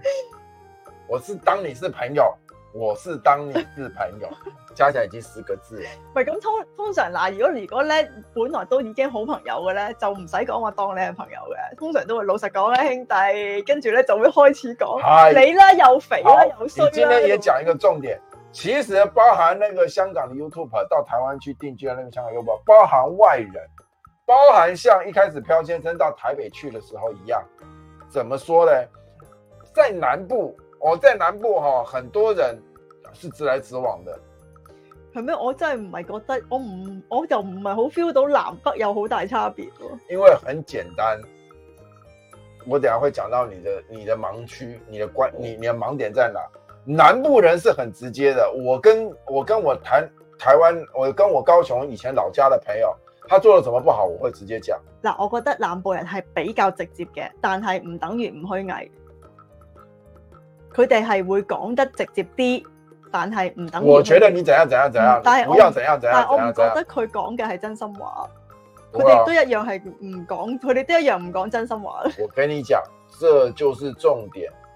*laughs* 我是當你是朋友，我是當你是朋友， *laughs* 加起來已經四個字。喂，咁通通常嗱，如果如果咧本來都已經好朋友嘅咧，就唔使講我當你係朋友嘅，通常都會老實講咧，兄弟，跟住咧就會開始講、哎、你啦，又肥啦，又衰啦。你今天也講一個重點。 *laughs* 其實包含那個香港的 YouTuber 到台灣去定居的那個香港 YouTuber 包含外人，包含像一開始漂先生到台北去的時候一樣，怎麼說呢？在南部，我、哦、在南部哈、哦，很多人是直來直往的，係咩？我真係唔係覺得，我唔，我就唔係好 feel 到南北有好大差別、哦、因為很簡單，我等下會講到你的你的盲區，你的關，你你的盲點在哪？南部人是很直接的，我跟我跟我台台灣，我跟我高雄以前老家的朋友，他做了什麼不好，我會直接講。嗱，我覺得南部人係比較直接嘅，但係唔等於唔虛偽，佢哋係會講得直接啲，但係唔等於我覺得你怎樣怎樣怎樣，嗯、但係唔要怎樣怎樣。但係我唔覺得佢講嘅係真心話，佢哋、啊、都一樣係唔講，佢哋都一樣唔講真心話。我跟你講，這就是重點。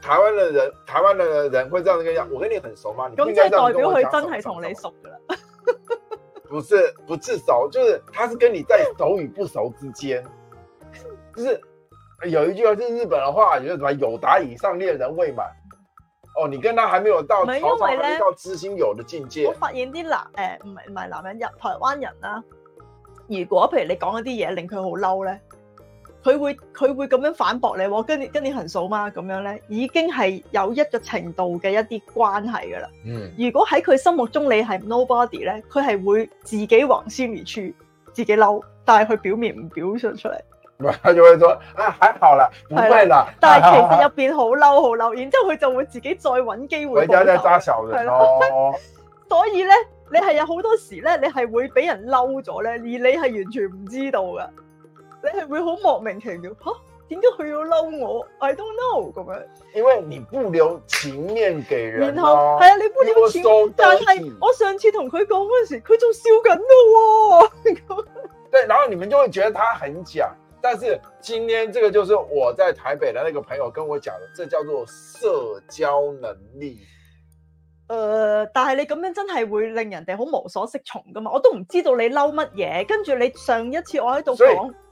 台灣的人，台灣的人會這樣跟你講，我跟你很熟嗎？咁即係代表佢真係同你熟噶啦。不是，不至熟，就是，他是跟你在熟與不熟之間， *laughs* 就是有一句話，是日本的話，就是、什麼？友達以上戀人未滿、嗯。哦，你跟他還沒有到潮潮，係因為咧，還沒有到知心友的境界。我發現啲男，誒、呃，唔係唔係男人，入台灣人啦、啊。如果譬如你講一啲嘢令佢好嬲咧。佢會佢會咁樣反駁你，我跟住跟住恆嫂嘛咁樣咧，已經係有一個程度嘅一啲關係噶啦。嗯，如果喺佢心目中你係 nobody 咧，佢係會自己黃先而處，自己嬲，但係佢表面唔表出出嚟。唔係，做咗啊，喺後啦，唔該啦。但係其實入邊好嬲，好嬲，然之後佢就會自己再揾機會。佢真係揸手嘅。係咯。 *laughs* 所以咧，你係有好多時咧，你係會俾人嬲咗咧，而你係完全唔知道噶。你係會好莫名其妙吓？點解佢要嬲我？I don't know 咁樣。因為你不留情面給人啦、啊。係啊，你不留情面，但係我上次同佢講嗰時，佢仲笑緊咯、啊。 *laughs* 對，然後你們就會覺得他很假。但是今天這個就是我在台北的那個朋友跟我講的，這叫做社交能力。誒、呃，但係你咁樣真係會令人哋好無所適從噶嘛？我都唔知道你嬲乜嘢。跟住你上一次我喺度講。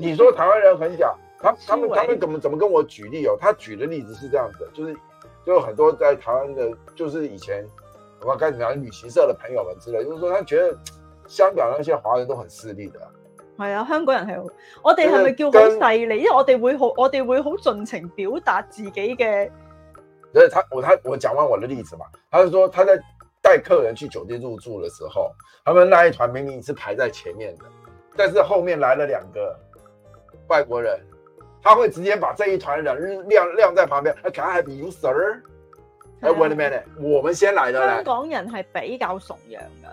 你說台灣人很假，他他們他們怎麼怎麼跟我舉例哦？他舉的例子是這樣子，就是就很多在台灣的，就是以前我們該怎麼講，旅行社的朋友們之類，就是說他覺得香港那些華人都很勢利的。係啊，香港人係，我哋係咪叫好勢利？因為我哋會好，我哋會好盡情表達自己嘅。所以，他我他我講完我的例子嘛，他就說他在帶客人去酒店入住的時候，他們那一團明明是排在前面的，但是後面來了兩個。外國人，他會直接把這一團人晾晾在旁邊，佢睇下係咪 user 哎，我的媽呢，我們先來的咧。香港人係比較崇洋噶，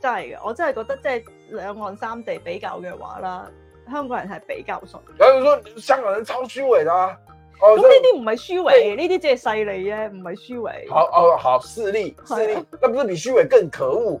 真係嘅。我真係覺得即係兩岸三地比較嘅話啦，香港人係比較崇。香港人，香港人超虛偽啦、啊！哦，咁呢啲唔係虛偽，呢啲即係勢利啫，唔係虛偽。好哦，好勢利，勢利、啊，那不是比虛偽更可惡？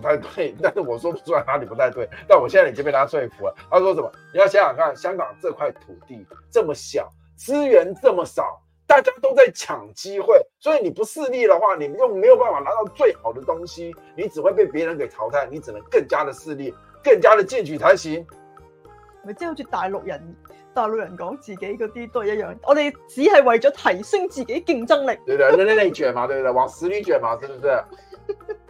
不太對，但是我說不出來哪裡不太對。但我現在已經被他說服了。他說什麼？你要想想看，香港這塊土地這麼小，資源這麼少，大家都在搶機會，所以你不勢利的話，你又沒有辦法拿到最好的東西，你只會被別人給淘汰。你只能更加的勢利，更加的進取才行。咪即係好似大陸人，大陸人講自己嗰啲都係一樣。我哋只係為咗提升自己競爭力， *laughs* 對對對？在內捲嘛，對對對？往死裡捲嘛，是不是？ *laughs*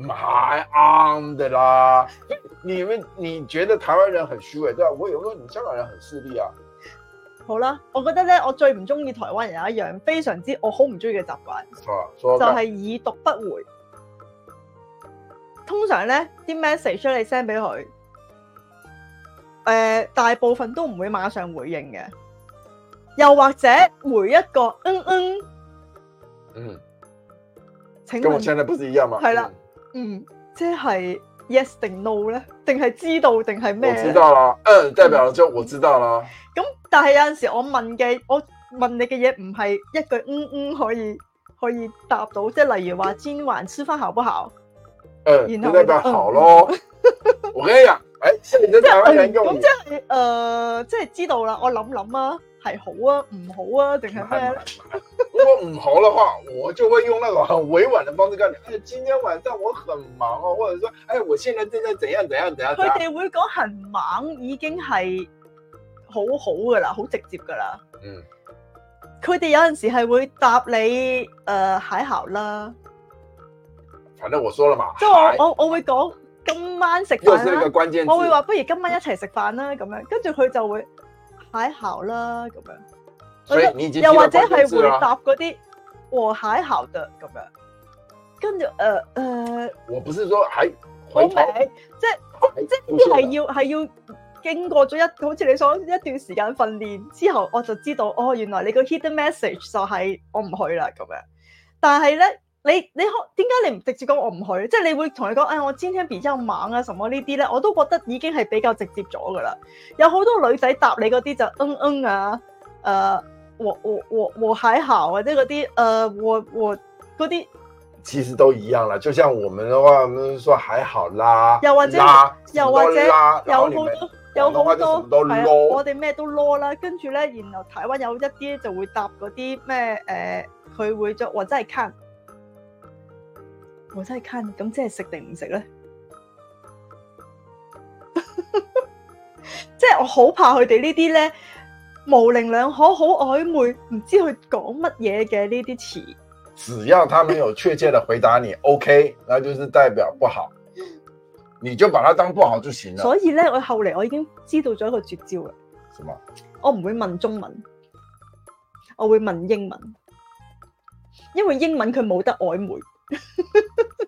咪啱的啦！你你覺得台灣人很虛偽，對吧？我有冇你香港人很勢利啊？好啦，我覺得咧，我最唔中意台灣人有一樣非常之我好唔中意嘅習慣，就係、是、已讀不回。通常咧啲 message 出嚟 send 俾佢，誒、呃，大部分都唔會馬上回應嘅，又或者回一個嗯嗯，嗯，請跟我現在不是一樣嗎？係、嗯、啦。嗯嗯，即係 yes 定 no 咧？定係知道定係咩？我知道啦，嗯、呃，代表就我知道啦。咁、嗯、但係有陣時我問嘅，我問你嘅嘢唔係一句嗯嗯可以可以答到，即係例如話煎環燒翻好唔好？誒、嗯，然後好咯。我今日誒，真係好咁即係誒，即係知道啦。我諗諗啊，係好啊，唔好啊，定係咩？嗯嗯嗯嗯如果唔好嘅話，我就會用那種很委婉嘅方式講你。哎，今天晚上我很忙啊，或者說，哎，我現在正在怎樣怎樣怎樣。佢哋會講很猛，已經係好好噶啦，好直接噶啦。嗯。佢哋有陣時係會答你，誒、呃，還好啦。反正我說啦嘛。即係我我我會講今晚食飯啦、就是、一個關鍵我會話不如今晚一齊食飯啦，咁樣，跟住佢就會還好啦，咁樣。啊、又或者係回答嗰啲，我還好嘅，咁樣，跟住誒誒，我唔是說還，好明，即還即呢啲係要係要經過咗一好似你所一段時間訓練之後，我就知道哦，原來你個 hidden message 就係我唔去啦咁樣。但係咧，你你可點解你唔直接講我唔去？即係你會同佢講誒，我兼聽比較猛啊什麼呢啲咧，我都覺得已經係比較直接咗噶啦。有好多女仔答你嗰啲就嗯嗯啊，誒、呃。我我我我還好，我呢啲，呃，我我嗰啲，其實都一樣啦。就像我們的話，我們就說還好啦，又或者又或者有好多有好多，係、啊、我哋咩都囉啦。跟住咧，然後台灣有一啲就會搭嗰啲咩，誒、呃，佢會着，我真係 can，我真係 can，咁即係食定唔食咧？即 *laughs* 係我好怕佢哋呢啲咧。無令兩可，好曖昧，唔知佢講乜嘢嘅呢啲詞。只要他沒有確切嘅回答你 *laughs* ，OK，那就是代表不好，你就把它當不好就行了。所以呢，我後來我已經知道咗一個絕招啦。什麼？我唔會問中文，我會問英文，因為英文佢冇得曖昧。 *laughs*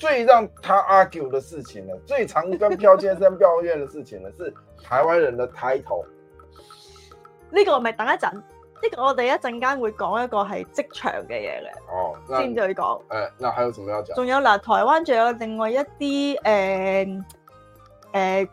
最讓他 argue 的事情呢，最常跟漂先生抱怨的事情呢， *laughs* 是台灣人的抬頭。那、這個這個咪等一陣，呢個我哋一陣間會講一個係職場嘅嘢嘅。哦，先至去講。誒、哎，那還有什麼要講？仲有嗱，台灣仲有另外一啲誒誒，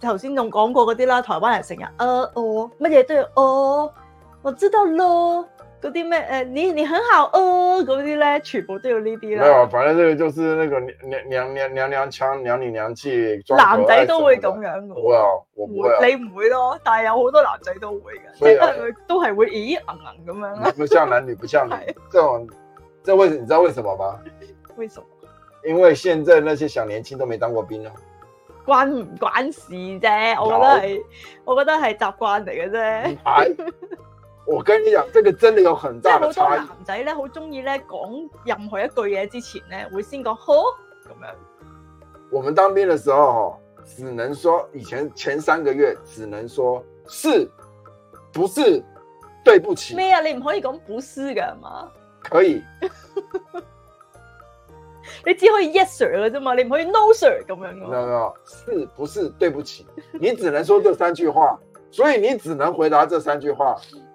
頭先仲講過嗰啲啦，台灣人成日啊我乜嘢都要我、哦、我知道咯。嗰啲咩？誒、呃，你你很好啊！嗰啲咧，全部都要呢啲啦。沒有，反正呢個就是那個娘娘娘娘腔，娘腔、娘裏娘氣，男仔都會咁樣噶。唔會、啊會，啊、會，你唔會咯，但係有好多男仔都會佢、啊、都係會咦，咁樣。不像男女，不像女。這 *laughs* 種、啊，這為，你知道為什麼嗎？ *laughs* 為什麼？因為現在那些小年輕都沒當過兵咯、啊。關唔關事啫？我覺得係、no.，我覺得係習慣嚟嘅啫。No. 我跟你講，這個真的有很大的。即係好多男仔咧，好中意咧講任何一句嘢之前咧，會先講呵咁樣。我們當兵的時候，只能說以前前三個月，只能說是不是對不起。咩啊？你唔可以講不是噶嘛？可以。 *laughs* 你只可以 yes sir 嘅啫嘛，你唔可以 no sir 咁樣。冇冇，是不是對不起？你只能說這三句話， *laughs* 所以你只能回答這三句話。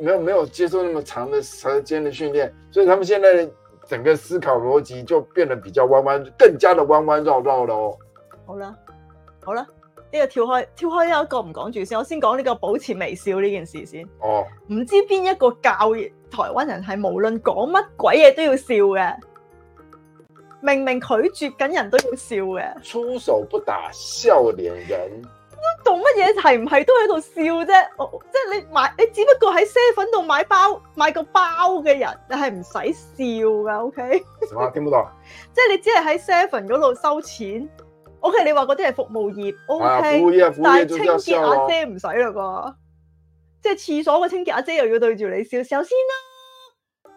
沒有沒有接受那麼長的時間的訓練，所以他們現在整個思考邏輯就變得比較彎彎，更加的彎彎繞繞咯。好啦，好啦，呢個跳開跳開一個唔講住先，我先講呢個保持微笑呢件事先。哦，唔知邊一個教台灣人係無論講乜鬼嘢都要笑嘅，明明拒絕緊人都要笑嘅，出手不打笑臉人。做乜嘢係唔係都喺度笑啫、哦？即係你買，你只不過喺 seven 度買包買個包嘅人，你係唔使笑㗎。O K。哇，聽唔到。即係你只係喺 seven 嗰度收錢。O、okay, K，你話嗰啲係服務業。O、okay, K、啊啊啊。但係清潔、啊、阿姐唔使啦噃，即係廁所嘅清潔阿姐又要對住你笑。首先啦，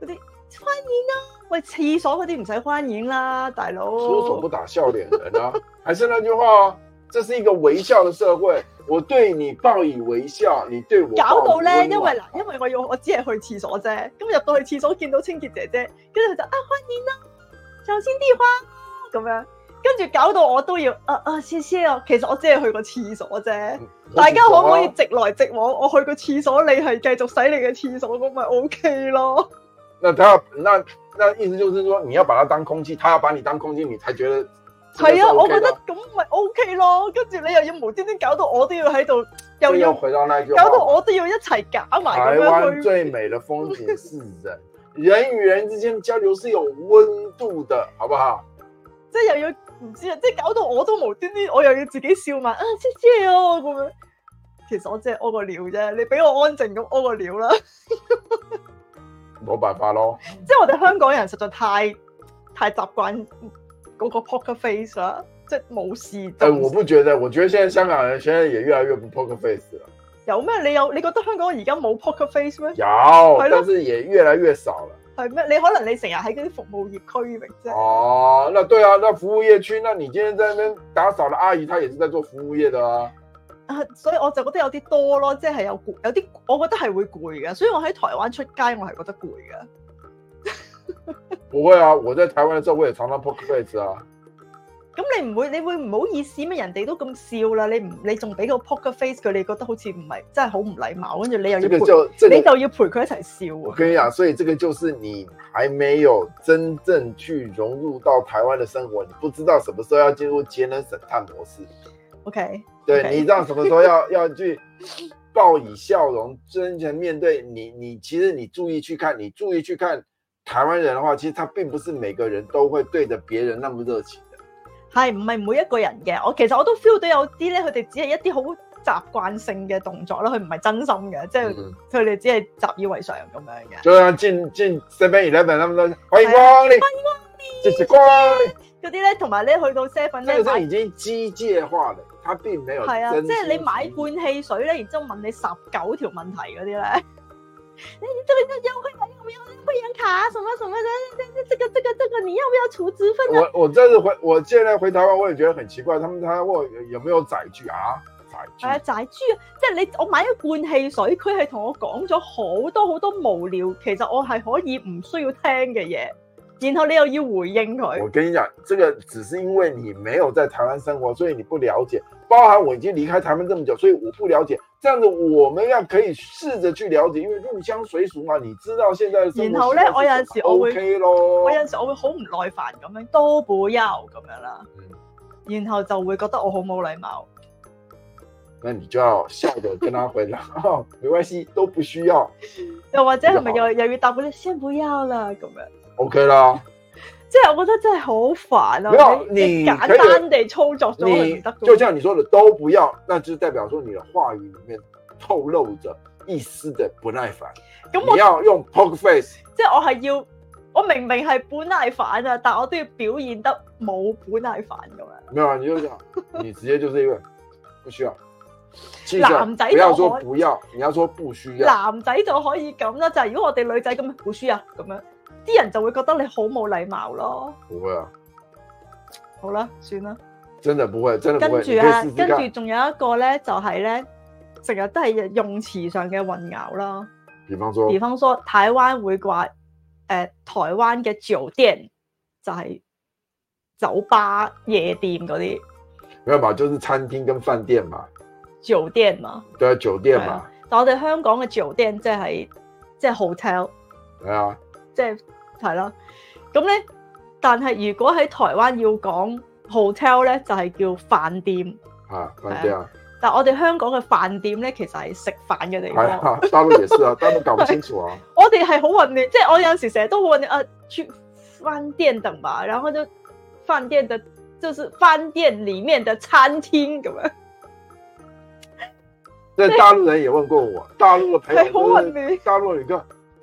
嗰啲歡迎啦，喂廁所嗰啲唔使歡迎啦，大佬。出手不打笑臉人啊！ *laughs* 還是那句話、啊。這是一個微笑的社會，我對你報以微笑，你對我搞到呢？因為嗱，因為我要我只係去廁所啫，咁入到去廁所見到清潔姐姐，跟住就啊歡迎啦、啊，小心地滑咁樣，跟住搞到我都要，啊啊謝謝哦、啊，其實我只係去個廁所啫、啊，大家可唔可以直來直往？我去個廁所，你係繼續洗你嘅廁所咁咪 OK 咯？那睇下，嗱，意思就是說你要把它當空氣，他要把你當空氣，你才覺得。係、OK、啊，我覺得咁咪 O K 咯。跟住你又要無端端搞到我都要喺度，又有搞到我都要一齊搞埋咁樣最美嘅風景是人， *laughs* 人與人之間交流是有溫度的，好不好？即係又要唔知啊！即係搞到我都無端端，我又要自己笑埋啊！謝謝啊咁樣。其實我真係屙個尿啫，你俾我安靜咁屙個尿啦。冇 *laughs* 辦法咯。 *laughs* 即係我哋香港人實在太太習慣嗰個 poker face 啦，即係冇事。誒，我不覺得，我覺得現在香港人現在也越來越唔 poker face 啦。有咩？你有？你覺得香港而家冇 poker face 咩？有，係咯，但是也越來越少了。係咩？你可能你成日喺嗰啲服務業區域啫。哦，那對啊，那服務業區，那你今天在那邊打掃的阿姨，她也是在做服務業的啦。啊，所以我就覺得有啲多咯，即係有攰，有啲我覺得係會攰嘅。所以我喺台灣出街，我係覺得攰嘅。 *laughs* 不會啊！我在台灣的時候，我也常常 poker face 啊。咁你唔會，你會唔好意思咩？人哋都咁笑啦，你唔你仲俾個 poker face 佢，你覺得好似唔係真係好唔禮貌，跟住你又要、這個就這個，你就要陪佢一齊笑、啊。我跟你講，所以這個就是你還沒有真正去融入到台灣的生活，你不知道什麼時候要進入節能省碳模式。OK，okay. 對，你知道什麼時候要 *laughs* 要去報以笑容，真誠面對。你你其實你注意去看，你注意去看。台灣人的話，其實他並不是每個人都會對着別人那麼熱情的，係唔係每一個人嘅？我其實我都 feel 到有啲咧，佢哋只係一啲好習慣性嘅動作啦，佢唔係真心嘅，即係佢哋只係習以為常咁樣嘅。對啊，歡迎光臨，歡、嗯、迎光臨，謝謝光臨。嗰啲咧，同埋咧，去到 seven 咧，這個，已經機械化啦，佢並沒有係啊，即、就、係、是、你買罐汽水咧，然之後問你十九條問題嗰啲咧。哎，這個是優惠，還有沒有會員卡什麼什麼的？這個這個這個，你要不要儲值分、啊、我我這次回，我現在回台灣，我也覺得很奇怪，他們台灣有有沒有載具啊？載具啊，載具！即係你我買了一罐汽水，佢係同我講咗好多好多無聊，其實我係可以唔需要聽嘅嘢，然後你又要回應佢。我跟你講，這個只是因為你沒有在台灣生活，所以你不了解。包含我已經離開台灣這麼久，所以我不了解。這樣子我們要可以試着去了解，因為入鄉隨俗嘛。你知道現在是樣，然後呢，我有陣時我會，OK、咯我有陣時我會好唔耐煩咁樣，都不要咁樣啦。然後就會覺得我好冇禮貌。那你就要笑着跟他回答， *laughs* *laughs* 沒關係，都不需要。又或者係咪又要答，不如先不要了樣、OK、啦，咁樣。O K 啦。即係我覺得真係好煩啊！你簡單地操作就得。你就像你說的都不要，那就代表說你嘅話語裏面透露着一絲的不耐煩。咁我要用 poke face，即係我係要，我明明係不耐煩啊，但我都要表現得冇不耐煩咁樣。沒有，你就這樣你直接就是因為 *laughs* 不需要。男仔不要說不要，你要說不需要。男仔就可以咁啦，就係、是、如果我哋女仔咁啊，會需啊咁樣。啲人就會覺得你好冇禮貌咯，唔會啊，好啦，算啦，真係唔會，真係跟住啊，試試跟住，仲有一個咧，就係、是、咧，成日都係用詞上嘅混淆咯。比方說，比方說，台灣會掛誒、呃、台灣嘅酒店就係、是、酒吧夜店嗰啲，冇乜，就是餐廳跟飯店嘛，酒店嘛，都係、啊、酒店嘛，啊、但我哋香港嘅酒店即係即係 hotel，係啊，即係。係啦，咁咧，但係如果喺台灣要講 hotel 咧，就係叫飯店。啊，飯店啊！啊但係我哋香港嘅飯店咧，其實係食飯嘅地方。係啊，大陸也是啊，大陸、啊、 *laughs* 搞唔清楚啊。我哋係好混亂，即係我有陣時成日都好混亂啊。住飯店等吧，然後就飯店的，就是飯店裏面的餐廳咁樣，即係大陸人也問過我，大陸嘅朋友，大陸人。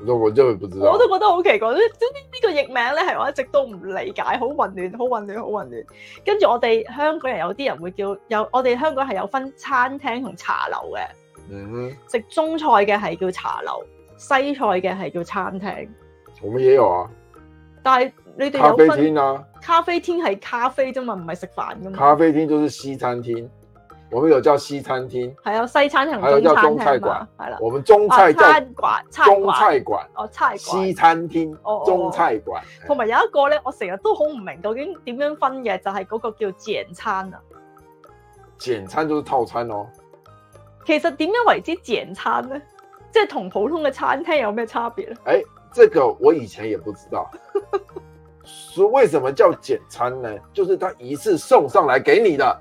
我，唔知道我都覺得好奇怪，呢、這、呢個譯名咧係我一直都唔理解，好混亂，好混亂，好混亂。跟住我哋香港人有啲人會叫，有我哋香港係有分餐廳同茶樓嘅。嗯哼，食中菜嘅係叫茶樓，西菜嘅係叫餐廳。做乜嘢？有啊，但係你哋有分咖啡廳啊，咖啡廳係咖啡啫嘛，唔係食飯嘅嘛。咖啡廳都係西餐廳。我們有叫西餐廳，還有西餐廳，還有叫中菜館，我們中菜在中菜館、啊、哦菜館，西餐廳哦哦哦中菜館。同、哎、埋有一個呢，我成日都好唔明，究竟點樣分嘅，就係、是、嗰個叫簡餐啊。簡餐就是套餐哦。其實點樣為之簡餐呢？即係同普通嘅餐廳有咩差別呢？誒、哎，這個我以前也不知道。所 *laughs* 以為什麼叫簡餐呢？就是他一次送上來給你的。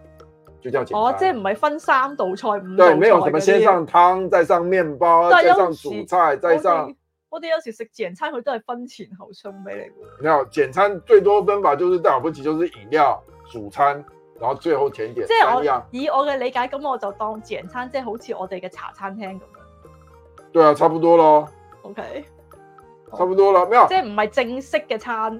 就叫簡餐哦，即係唔係分三道菜五道菜？對，沒有什麼先上湯，再上麵包，再上主菜，再上。我哋有時食正餐佢都係分前後送俾你。冇簡餐最多分法就是大不了就是飲料、主餐，然後最後甜點三樣。我以我嘅理解咁，我就當正餐即係、就是、好似我哋嘅茶餐廳咁樣。對啊，差不多咯。OK，差不多啦。冇，即係唔係正式嘅餐。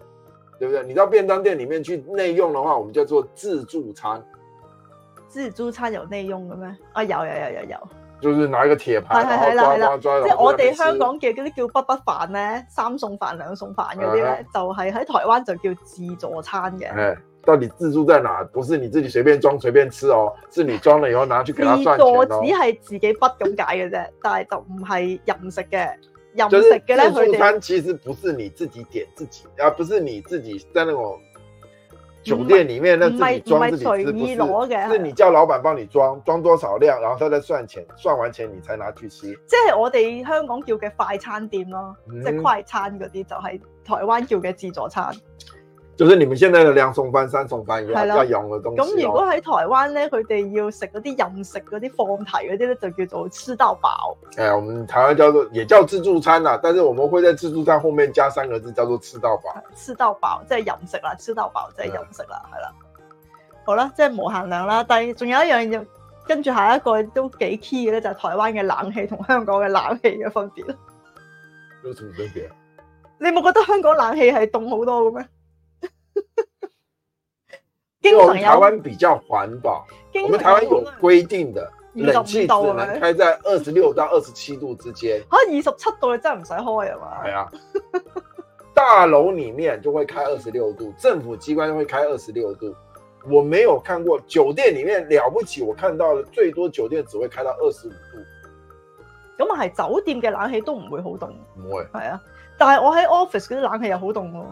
對不對？你到便當店裏面去內用的話，我們叫做自助餐。自助餐有內用嘅咩？啊，有有有有有，就是拿一個鐵盤，係啦係啦係啦，即係我哋香港嘅嗰啲叫不不飯咧，三送飯兩送飯嗰啲咧，就係、是、喺台灣就叫自助餐嘅。哎，到底自助在哪？不是你自己隨便裝隨便吃哦，是你裝了以後拿去給他賺錢哦。只係、哦、自，自己不咁解嘅啫，但係就唔係任食嘅。飲食嘅咧，就是、自助餐其實不是你自己點自己，而不、啊、不是你自己在那種酒店裡面，那自己裝自己食，唔係攞嘅，係你叫老闆幫你裝，裝多少量，然後他再算錢，算完錢你才拿去食。即係我哋香港叫嘅快餐店咯，嗯、即係快餐嗰啲，就係台灣叫嘅自助餐。就是你們現在的兩餸飯三餸飯一樣嘅東西。咁如果喺台灣咧，佢哋要飲食嗰啲任食嗰啲放題嗰啲咧，就叫做吃到飽。誒，我們台灣叫做，也叫自助餐啦，但是我們會在自助餐後面加三個字，叫做吃到飽。吃到飽即係飲食啦，吃到飽即係飲食啦，係啦。好啦，即係無限量啦，但係仲有一樣嘢，跟住下一個都幾 key 嘅咧，就係台灣嘅冷氣同香港嘅冷氣嘅分別咯。有咩分別啊？你冇覺得香港冷氣係凍好多嘅咩？因為台灣比較環保有，我們台灣有規定的冷氣只能開在二十六到二十七度之間。吓、啊，二十七度你真係唔使開啊嘛？係啊，大樓裏面就會開二十六度，政府機關就會開二十六度。我沒有看過酒店裏面了不起，我看到的最多酒店只會開到二十五度。咁啊，係酒店嘅冷氣都唔會好凍，唔會係啊。但係我喺 office 嗰啲冷氣又好凍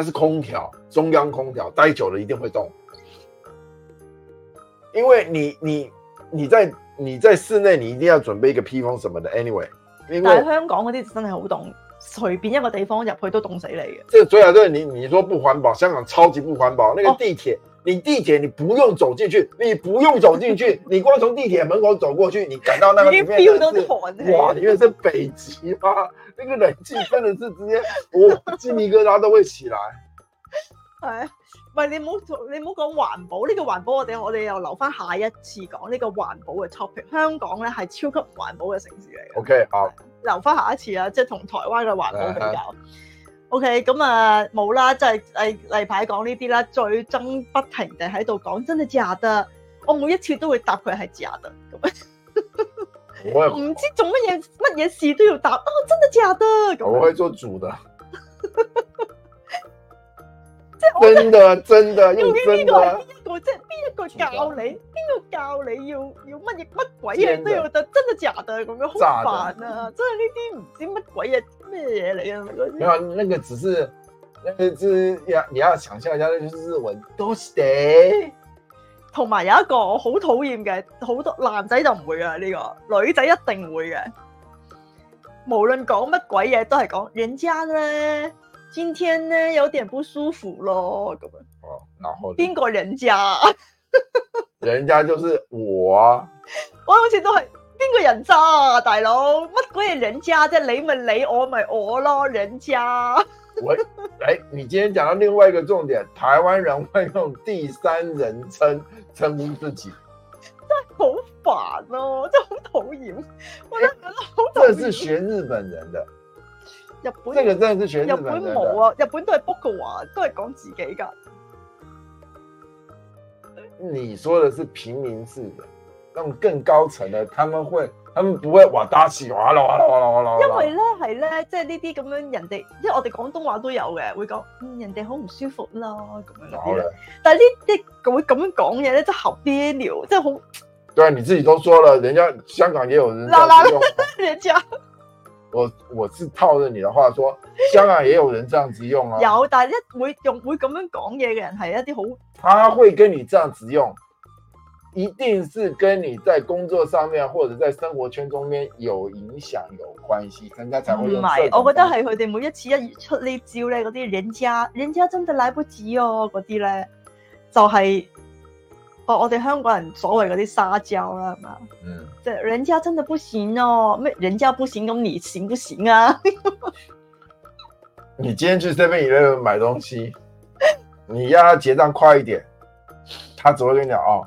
那是空調，中央空調待久了一定會凍，因為你你你在你在室內，你一定要準備一個披風什麼的。Anyway，但係香港嗰啲真係好凍，隨便一個地方入去都凍死你嘅。這主要對你你說不環保，香港超級不環保，那個地鐵。哦。你地鐵你不用走進去，你不用走進去，你光從地鐵門口走過去，你感到那個裏面 *laughs* 都，哇，裏面是北極啊！那個冷氣真的是直接，我雞皮疙瘩都會起來。係、 *laughs* 哎，唔係你唔好你唔好講環保呢、這個環保我，我哋我哋又留翻下一次講呢、這個環保嘅 topic。香港咧係超級環保嘅城市嚟嘅。OK，好，留翻下一次啊，即係同台灣嘅環保比較。 *laughs* OK，咁啊冇啦，即係例例牌講呢啲啦，最憎不停地喺度講，真的假的？我每一次都會答佢係假的，唔知做乜嘢乜嘢事都要答哦，真的假的？我會做主的，即係真的，真的，我真，的，真，的用真的。究竟呢個係邊一個？即係邊一個教你？邊個教你要要乜嘢乜鬼嘢都要的？真的假的？咁樣好煩啊！真係呢啲唔知乜鬼嘢。咩嘢嚟啊？冇，那個只是，那個只要你要想象一下，那就是我，都 t s d a y 同埋有一個我好討厭嘅，好多男仔就唔會噶呢、呢個，女仔一定會嘅。無論講乜鬼嘢都係講，人家呢，今天呢有點不舒服咯。哦，然後邊個人家？人家就是我。 *laughs* 我好似都係。邊個人渣啊，大佬乜鬼嘢人家啫，你咪你，我咪我咯，人家喂。 *laughs* 我，誒、哎，你今天講到另外一個重點，台灣人會用第三人稱稱呼自己，真係好煩咯，真係好討厭，我真係覺得好討厭。這是學日本人的，日本，這個真係學日本冇啊，日本都係 book 嘅話，都係講自己噶、嗯。你說的是平民式的更高層的，他們會，他們不會話搭起，嘩啦嘩啦嘩啦嘩啦。因為咧係咧，即係呢啲咁樣人哋，因為我哋廣東話都有嘅，會講，嗯，人哋好唔舒服啦，咁樣嗰啲。但係呢啲會咁樣講嘢咧，即係好彆扭，真係好，好。對啊，你自己都說了，人家香港也有人咁樣用。 *laughs* *laughs* 我我是套着你的話說，香港也有人這樣子用啊。 *laughs* 有，但係一會用會咁樣講嘢嘅人係一啲好。他會跟你這樣子用。一定是跟你在工作上面或者在生活圈中邊有影響有關係，人家才會有。唔係，我覺得係佢哋每一次一出呢招咧，嗰啲人家，人家真的來不及哦，嗰啲咧就係、是、我我哋香港人所謂嗰啲撒嬌啦嘛。嗯，即係，人家真的不行哦，咩？人家不行，咁你行不行啊？ *laughs* 你今天去7-11買東西， *laughs* 你要他結賬快一點，他只會跟你講哦。」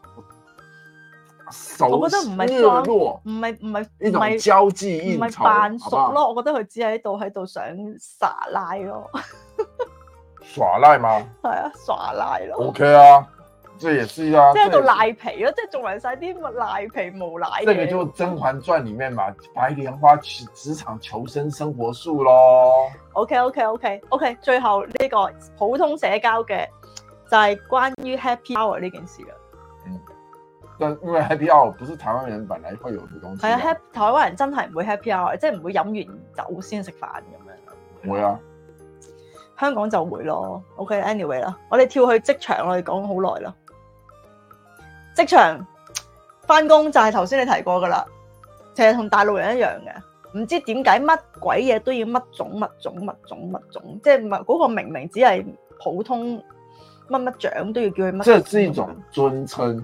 我覺得唔係，唔係唔係呢種交際應酬，唔係扮熟咯，我覺得佢只喺度喺度想、哦、 *laughs* 耍賴賴咯嗎，耍賴嘛？係啊，耍賴咯。OK 啊，即係也是啊，即係喺度賴皮咯，即係做埋晒啲賴皮無賴。這個就《甄嬛傳》裏面嘛，白蓮花職職場求生生活術咯。OK OK OK OK，最後呢個普通社交嘅就係關於 Happy Hour 呢件事啦。因為 Happy Hour 不是台灣人本來會有嘅東西。係啊，台台灣人真係唔會 Happy Hour，即係唔會飲完酒先食飯咁樣。唔會啊，香港就會咯。OK，Anyway，okay, 啦，我哋跳去職場，我哋講好耐啦。職場翻工就係頭先你提過噶啦，其實同大陸人一樣嘅。唔知點解乜鬼嘢都要乜種物種物種物種，即係物嗰個明明只係普通乜乜獎都要叫佢。乜，即係一種尊稱。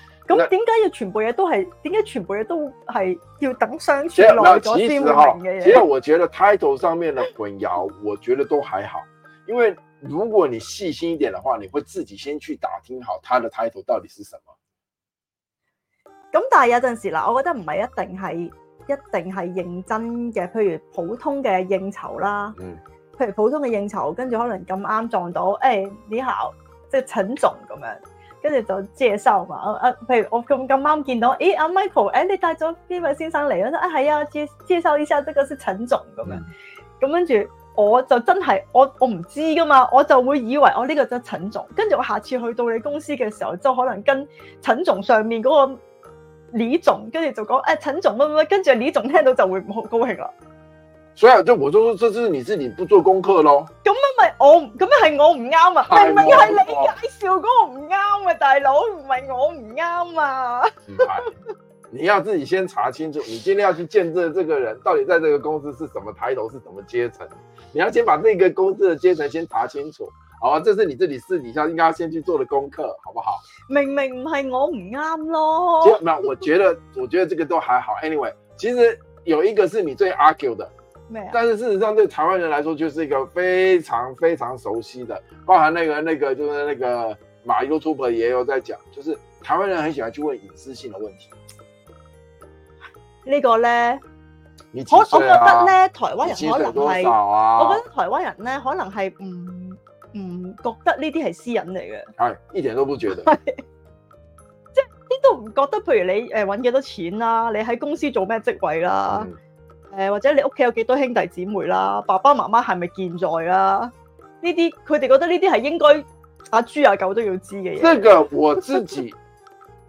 咁點解要全部嘢都係點解全部嘢都係要等相處耐咗先問嘅嘢？其實我覺得 title 上面嘅混淆，我覺得都還好，因為如果你細心一點嘅話，你會自己先去打聽好他的 title 到底係什麼。咁但係有陣時嗱，我覺得唔係一定係一定係認真嘅，譬如普通嘅應酬啦，嗯，譬如普通嘅應酬，跟住可能咁啱撞到，誒、欸，你好，即係請坐咁樣。跟住就介紹嘛，啊，譬如我咁咁啱見到，誒阿 Michael，誒你帶咗邊位先生嚟啦，啊係啊，介、哎、介紹一下，得、這個是陳總咁樣，咁跟住我就真係我我唔知噶嘛，我就會以為我呢個就陳總，跟住我下次去到你公司嘅時候，就可能跟陳總上面嗰個李總，跟住就講誒陳總乜乜，跟住李總聽到就會唔好高興啦。所以啊，就我就說這就是你自己不做功課咯。咁樣咪我，咁樣係我唔啱啊！明明係你介紹，咁我唔啱啊，大佬，唔係我唔啱啊！你要自己先查清楚， *laughs* 你今天要去見證這個人到底在這個公司是什麼抬頭，是什麼階層？你要先把這個公司的階層先查清楚。好吧，這是你自己私底下應該要先去做的功課，好不好？明明唔係我唔啱咯。沒有，我覺得我覺得這個都還好。Anyway，其實有一個是你最 argue 的。但是事實上，對台灣人來說，就是一個非常非常熟悉的，包含那個、那個，就是那個馬 YouTuber 也有在講，就是台灣人很喜歡去問隱私性的問題。這個、呢個咧、啊，我我覺得咧，台灣人可能係、啊，我覺得台灣人咧，可能係唔唔覺得呢啲係私隱嚟嘅。係、哎，一點都不覺得。即係呢都唔覺得。譬如你誒，搵幾多錢啦、啊？你喺公司做咩職位啦、啊？嗯誒或者你屋企有幾多兄弟姊妹啦，爸爸媽媽係咪健在啦、啊？呢啲佢哋覺得呢啲係應該阿、啊、豬阿、啊、狗都要知嘅嘢。呢個我自己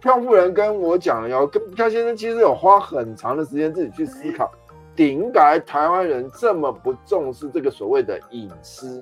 漂 *laughs* 夫人跟我講，要跟漂先生其實有花很長嘅時間自己去思考，點、okay. 解台灣人這麼不重視這個所謂嘅隱私？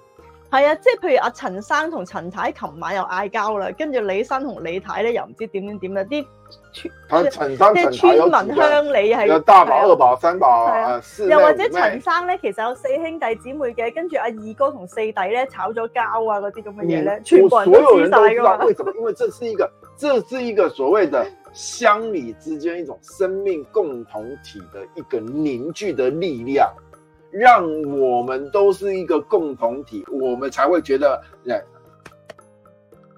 係啊，即係譬如阿陳生同陳太琴晚又嗌交啦，跟住李生同李太咧又唔知點點點啦，啲村陳生即係村民鄉里係。有大寶、啊、二寶、三寶。係啊四妹妹。又或者陳生咧，其實有四兄弟姊妹嘅，跟住阿二哥同四弟咧炒咗交啊，嗰啲咁嘅嘢咧。全部人都，人都知道為什麼，因為這是一個， *laughs* 這是一個所謂的鄉里之間一種生命共同體的一個凝聚的力量。讓我們都是一個共同體，我們才會覺得，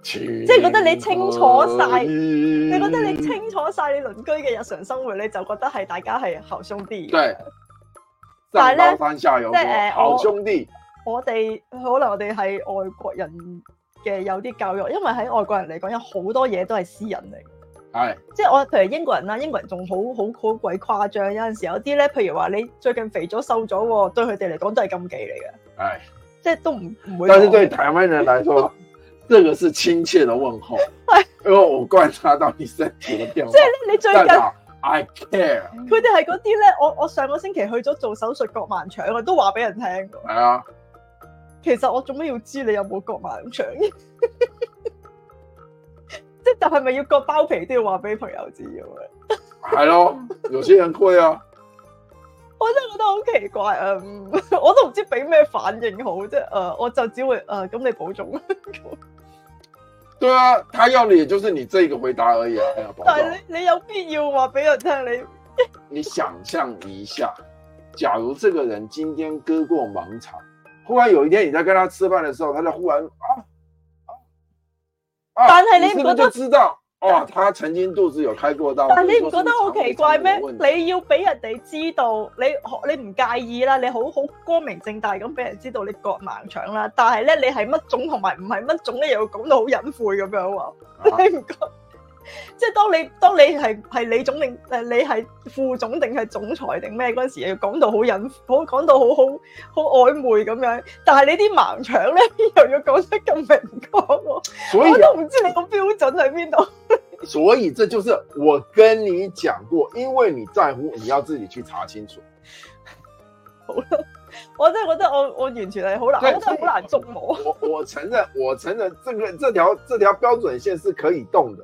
即、就、係、是、覺得你清楚晒,你覺得你清楚晒你鄰居嘅日常生活,你就覺得係大家係好兄弟。對，下有但係咧，即係誒，好兄弟，呃、我哋可能我哋係外國人嘅有啲教育，因為喺外國人嚟講，有好多嘢都係私人嚟嘅。.係、哎，即係我，譬如英國人啦，英國人仲好好好鬼誇張，有陣時有啲咧，譬如話你最近肥咗瘦咗，對佢哋嚟講都係禁忌嚟嘅。係、哎，即係都唔唔會。但是對台灣人來說， *laughs* 這個是親切嘅問候。係、哎，因為我觀察到你身體嘅變化。即係你，你最近我，I care。佢哋係嗰啲咧，我我上個星期去咗做手術割盲腸啊，都話俾人聽。係、哎、啊。其實我做咩要知你有冇割盲腸？ *laughs* 即係，係咪要割包皮都要話俾朋友知咁樣？係咯，有些人會啊。我真係覺得好奇怪啊、嗯！我都唔知俾咩反應好，即係誒，我就只會誒，咁、呃、你保重。 *laughs* 對啊，他要你，也就是你這個回答而已啊。 *laughs* 但係你你有必要話俾人聽你？你， *laughs* 你想象一下，假如這個人今天割過盲腸，忽然有一天你在跟他吃飯嘅時候，他就忽然啊。啊、但係你唔覺得是不是知道、啊，哦，他曾經肚子有開過刀，但你唔覺得好奇怪咩？你要俾人哋知道，你你唔介意啦，你好好光明正大咁俾人知道你割盲腸啦，但係咧你係乜種同埋唔係乜種咧，又要講到好隱晦咁樣喎，你唔、啊、覺得？即係當你當你係係李總定誒，你係副總定係總裁定咩嗰陣時，要講到好隱，好講到好好好曖昧咁樣。但係你啲盲腸咧，又要講得咁明確，所以、啊、我都唔知你個標準喺邊度。所以這就是我跟你講過，因為你在乎，你要自己去查清楚。好啦，我真係覺得我我完全係好難，好難捉摸。我我，我承認，我承認、這個，這個這條這條標準線是可以動的。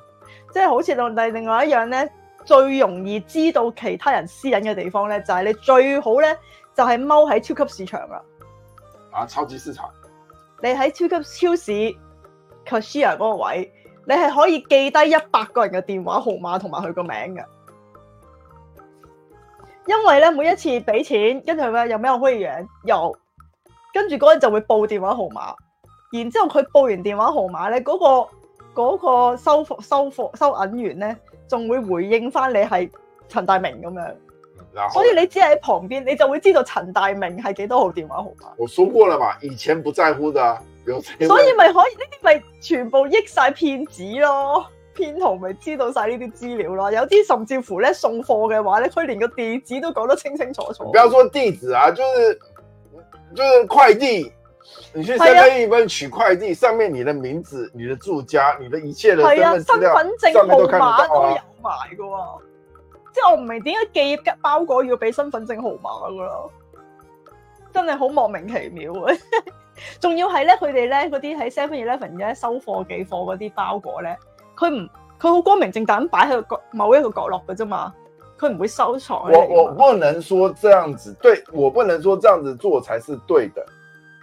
即係好似另第另外一樣咧，最容易知道其他人私隱嘅地方咧，就係、是、你最好咧，就係踎喺超級市場啦！啊，超級市場，你喺超級超市 cashier 嗰個位，你係可以記低一百個人嘅電話號碼同埋佢個名嘅，因為咧每一次俾錢，跟住佢咧有咩我可以嘢，有跟住嗰人就會報電話號碼，然之後佢報完電話號碼咧嗰、那個。嗰、那個收貨、收貨、收銀員咧，仲會回應返你係陳大明咁樣，所以你只係喺旁邊，你就會知道陳大明係幾多號電話號碼。我說過啦嘛，以前唔在乎㗎，所以咪可以呢啲咪全部益晒騙子咯，騙徒咪知道晒呢啲資料咯，有啲甚至乎咧送貨嘅話咧，佢連個地址都講得清清楚楚。唔要說地址啊，就係，就係快遞。你去 Seven Eleven、啊、取快遞，上面你的名字、你的住家、你的一切的、啊、身份證號碼都有埋到啊！即係我唔明點解寄包裹要俾身份證號碼噶咯？真係好莫名其妙嘅。仲要係咧，佢哋咧嗰啲喺 Seven Eleven 而家收貨寄貨嗰啲包裹咧，佢唔佢好光明正大咁擺喺個角某一個角落嘅啫嘛，佢唔會收場。我我不能說這樣子，對，我不能說這樣子做才是對的。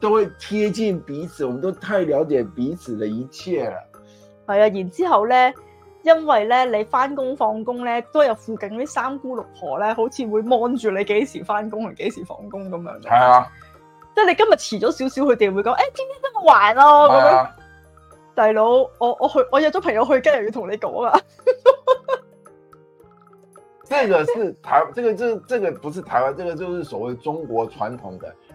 都會貼近彼此，我們都太了解彼此的一切了。係啊，然之後咧，因為呢，你翻工放工呢，都有附近啲三姑六婆呢，好似會望住你幾時翻工同幾時放工咁樣。係啊，即係你今日遲咗少少，佢哋會講，誒、哎，天天都還咯咁樣。大佬、啊，我我去，我約咗朋友去跟，又要同你講啊。這個、就是台，這個這這個不是台灣，這個就是所謂中國傳統的。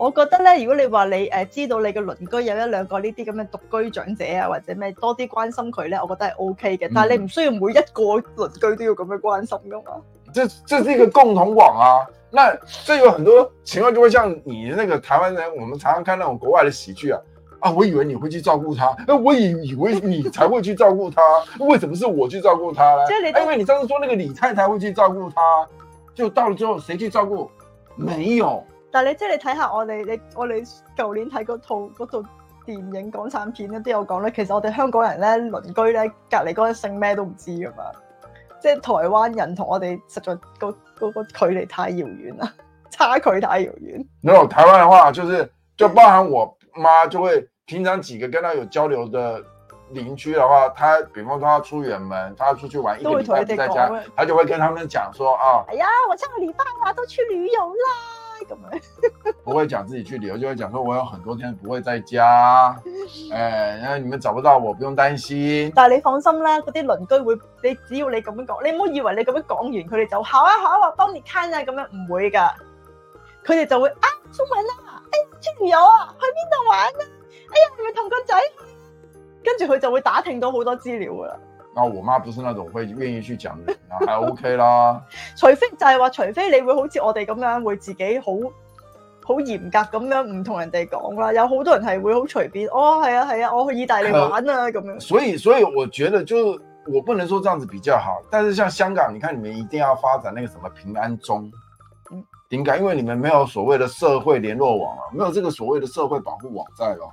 我覺得呢，如果你話你誒、呃、知道你嘅鄰居有一兩個呢啲咁嘅獨居長者啊，或者咩多啲關心佢咧，我覺得係 OK 嘅。但係你唔需要每一個鄰居都要咁樣關心噶嘛。這、嗯、這是一個共同網啊，那這有很多情況就會像你那個台灣人，我們常常看那種國外的喜劇啊。啊，我以為你會去照顧他，那我以以為你才會去照顧他， *laughs* 為什麼是我去照顧他呢？就是、因為你上次說那個李太太會去照顧他，就到了最後誰去照顧？沒有。但你即係、就是、你睇下我哋，你我哋舊年睇嗰套嗰套電影港產片咧，都有講咧。其實我哋香港人咧，鄰居咧，隔籬嗰個姓咩都唔知噶嘛。即係台灣人同我哋實在個嗰個距離太遙遠啦，差距太遙遠。你、no, 話台灣嘅話，就是就包含我媽就會平常幾個跟她有交流嘅鄰居嘅話，她比方說她出遠門，她出去玩一年，佢在家，佢就會跟他們講說啊，哎呀，我上個禮拜啊都去旅遊啦。 *laughs* 不會講自己去旅遊，就會講說我有很多天不會在家，誒、哎，然後你們找不到我不用擔心。但係你放心啦，嗰啲鄰居會，你只要你咁樣講，你唔好以為你咁樣講完，佢哋就好啊好啊，幫你睇啊，咁、啊啊、樣唔會噶，佢哋就會啊，出門啊，誒、哎，出遊啊，去邊度玩啊，哎呀，你咪同個仔跟住佢就會打聽到好多資料噶啦。那、啊、我媽不是那種會願意去講，那還 OK 啦。 *laughs* 除非就是話，除非你會好似我哋咁樣，會自己好好嚴格咁樣唔同人哋講啦。有好多人係會好隨便，哦，係啊係啊，我去意大利玩啊咁樣。所以所以我覺得就我不能說這樣子比較好，但是像香港，你看你們一定要發展那個什麼平安鐘，嗯，點解？因為你們沒有所謂的社會聯絡網啊，沒有這個所謂的社會保護網在咯。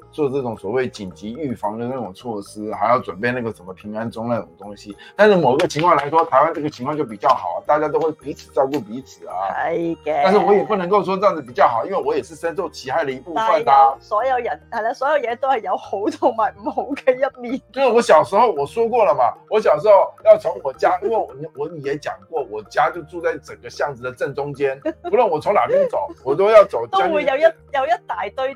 做這種所謂緊急預防的那種措施，還要準備那個什麼平安鐘那種東西。但是某一個情況來說，台灣這個情況就比較好，大家都會彼此照顧彼此啊。係嘅。但是我也不能夠說這樣子比較好，因為我也是深受其害的一部分啦、啊。所有人係啦，所有嘢都係有好同埋唔好嘅一面。就是我小時候我說過了嘛，我小時候要從我家， *laughs* 因為我我也講過，我家就住在整個巷子的正中間，不論我從哪邊走，我都要走，都會有一有一大堆。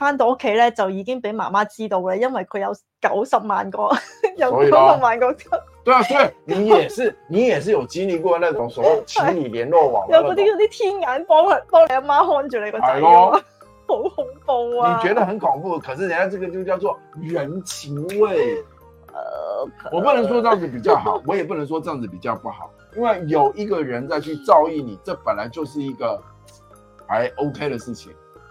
翻到屋企咧，就已經俾媽媽知道咧，因為佢有九十萬個， *laughs* 有九十萬個。對啊，所以，你也是， *laughs* 你也是有經歷過那種所謂千里聯絡網。有嗰啲啲天眼幫，幫你阿媽看住你嗰啲好恐怖啊！你覺得很恐怖，可是人家這個就叫做人情味。Okay. 我不能說這樣子比較好， *laughs* 我也不能說這樣子比較不好，因為有一個人在去照應你，這本來就是一個還 OK 的事情。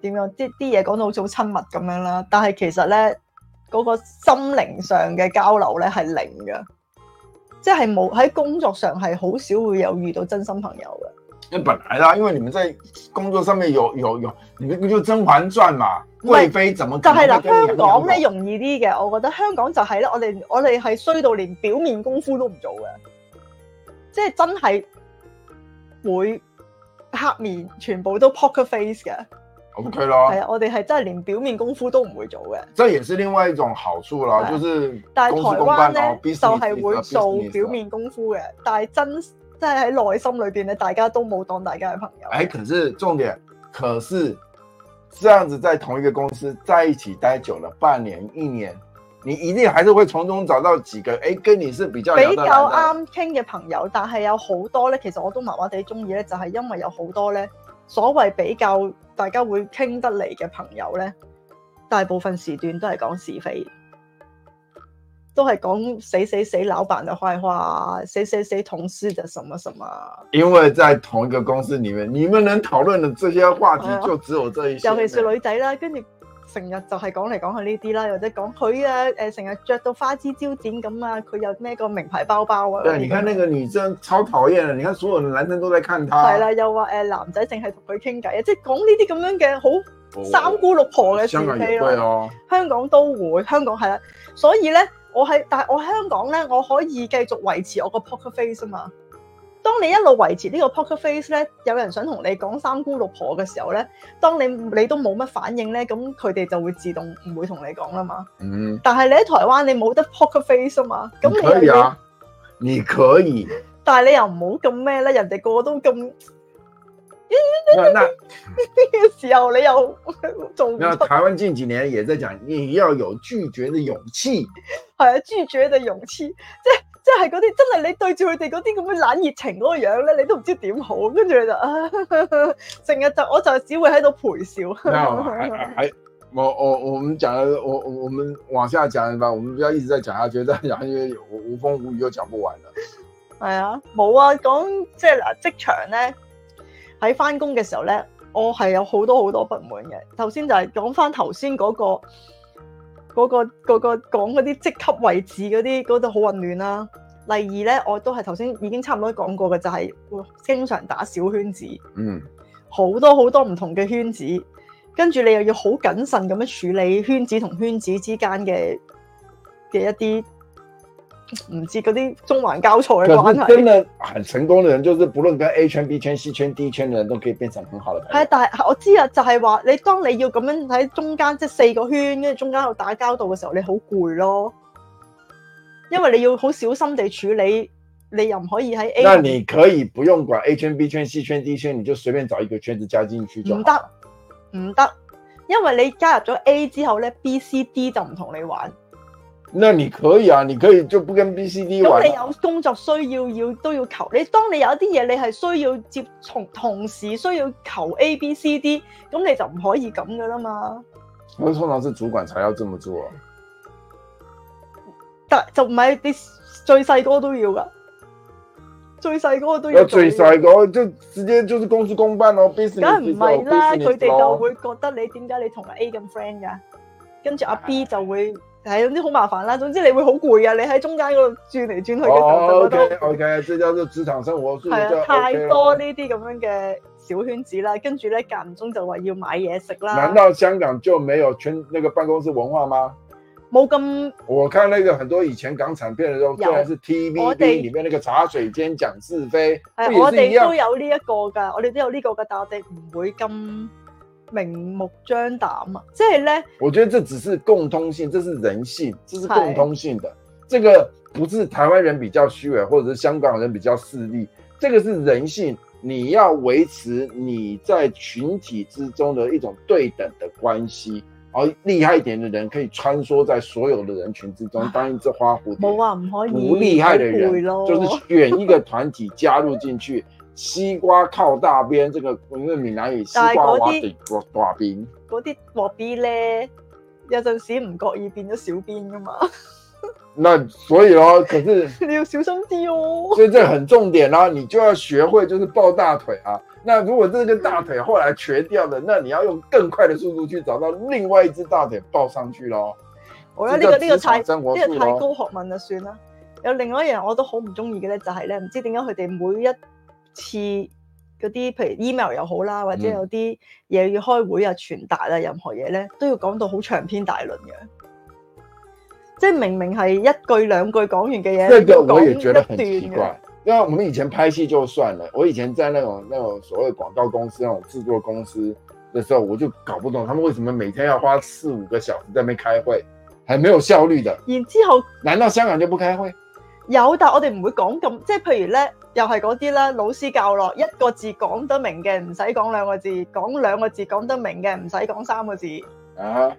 點樣啲啲嘢講到好似好親密咁樣啦，但係其實咧，嗰個心靈上嘅交流咧係零嘅，即係冇，喺工作上係好少會有遇到真心朋友嘅。因咁本來啦，因為你們在工作上面有有有，你們就《甄嬛傳》嘛，貴妃怎麼？就係嗱，香港咧容易啲嘅，我覺得香港就係咧，我哋我哋係衰到連表面功夫都唔做嘅，即係真係會黑面，全部都 poker face 嘅。唔、okay、佢咯，係啊，我哋係真係連表面功夫都唔會做嘅。即係這也是另外一種好處啦、啊，就是公公但係台灣咧、哦、就係會做，做表面功夫嘅，但係真真係喺內心裏邊咧，大家都冇當大家係朋友的。誒、欸，可是重點，可是這樣子在同一個公司在一起待久了，半年、一年，你一定還是會從中找到幾個誒、欸，跟你是比較比較啱傾嘅朋友。但係有好多咧，其實我都麻麻地中意咧，就係、是、因為有好多咧。所謂比較大家會傾得嚟嘅朋友咧，大部分時段都係講是非，都係講誰誰誰老闆的壞話啊，誰誰誰同事的什麼什麼。因為在同一個公司裡面，你們能討論的這些話題就只有這一些、哎。尤其是女仔啦，跟住。成日就係講嚟講去呢啲啦，或者講佢啊誒，成日着到花枝招展咁啊，佢又孭個名牌包包啊，啊？你看那個女生超討厭啊、嗯！你看所有的男生都在看她、啊。係啦，又話誒、呃、男仔淨係同佢傾偈啊，即係講呢啲咁樣嘅好三姑六婆嘅笑屁咯。香港都會，香港係啦，所以咧我喺，但係我香港咧我可以繼續維持我個 poker face 啊嘛。當你一路維持個 pocket 呢個 poker face 咧，有人想同你講三姑六婆嘅時候咧，當你你都冇乜反應咧，咁佢哋就會自動唔會同你講啦嘛。嗯。但係你喺台灣，你冇得 poker face 啊嘛。你可以啊，你，你可以。但係你又唔好咁咩咧，人哋個個都咁。呢那。嘅 *laughs* 時候你又 *laughs* 做。台灣近幾年也在講，你要有拒絕嘅勇氣。啊， *laughs* 拒絕嘅勇氣。就是即係嗰啲真係你對住佢哋嗰啲咁嘅懶熱情嗰個樣咧，你都唔知點好，跟住就啊，成日就我就只會喺度陪笑。嗱、no，我我我們講，我我我們往下講吧，我們不要一直在講下去，再講，因為無風無雨又講不完啦。係啊，冇啊，講、就是、即係嗱，職場咧喺返工嘅時候咧，我係有好多好多不滿嘅。頭先就係講返頭先嗰個。嗰個嗰個講嗰啲職級位置嗰啲嗰度好混亂啦、啊。第二咧，我都係頭先已經差唔多講過嘅，就係、是、經常打小圈子，嗯，好多好多唔同嘅圈子，跟住你又要好謹慎咁樣處理圈子同圈子之間嘅嘅一啲。唔知嗰啲中環交錯嘅關係，可是真係很成功嘅人，就是不論跟 A 圈、B 圈、C 圈、D 圈嘅人都可以變成很好嘅朋友。係啊，但係我知啊，就係話你當你要咁樣喺中間即係四個圈，跟住中間度打交道嘅時候，你好攰咯，因為你要好小心地處理，你又唔可以喺 A。那你可以不用管 A 圈、B 圈、C 圈、D 圈，你就隨便找一個圈子加進去就。唔得，唔得，因為你加入咗 A 之後咧，B、C、D 就唔同你玩。那你可以啊，你可以就不跟 B、C、D 玩。咁你有工作需要要都要求你，當你有啲嘢你係需要接從同時需要求 A、B、C、D，咁你就唔可以咁噶啦嘛。我通常係主管才要咁做，啊。但就唔係你最細個都要噶，最細個都要。要最細個就直接就是公事公辦咯 business 咁唔係啦，佢哋都會覺得你點解、哦、你同 A 咁 friend 噶，跟住阿 B 就會。嗯嗯係總之好麻煩啦，總之你會好攰啊！你喺中間嗰度轉嚟轉去嘅時候，就、哦、覺、哦、OK OK，即係叫做職場生活是是、OK 啊，太多呢啲咁樣嘅小圈子啦。跟住咧間唔中就話要買嘢食啦。難道香港就沒有全那個辦公室文化嗎？冇咁。我看嗰個很多以前港產片嘅時候，原來係 TVB 裏面嗰個茶水間講是非，是啊、也是我哋都有呢一個㗎，我哋都有呢個㗎，但我哋唔會咁。明目張膽啊！即係呢。我覺得這只是共通性，這是人性，這是共通性的。這個不是台灣人比較虛偽，或者是香港人比較勢利，這個是人性。你要維持你在群體之中的一種對等的關係，而厲害一點的人可以穿梭在所有的人群之中，啊、當一隻花蝴蝶。冇話唔可以，不厲害的人，就是選一個團體加入進去。 *laughs* 西瓜靠大邊，這個因為閩南語，但係嗰啲寡兵，嗰啲大邊咧，有陣時唔覺意變咗小邊㗎嘛。 *laughs* 那所以咯，可是你要小心啲哦。所以這很重點啦、啊，你就要學會就是抱大腿啊。那如果這個大腿後來瘸掉的，那你要用更快的速度去找到另外一隻大腿抱上去咯。我覺得呢、這個呢、這個太真我，呢、這個太高學問就算啦。有另外一樣我都好唔中意嘅咧，就係、是、咧，唔知點解佢哋每一。似嗰啲，譬如 email 又好啦，或者有啲嘢要開會啊、傳達啊，任何嘢咧，都要講到好長篇大論嘅。即係明明係一句兩句講完嘅嘢。這個我也覺得很奇怪，因為我們以前拍戲就算了，我以前在那種、那種所謂廣告公司、那種製作公司的時候，我就搞不懂他們為什麼每天要花四五個小時在邊開會，係沒有效率的。然之後，難道香港就不開會？有，但係我哋唔會講咁，即係譬如咧。又係嗰啲啦，老師教落，一個字講得明嘅，唔使講兩個字；講兩個字講得明嘅，唔使講三個字。啊、uh-huh！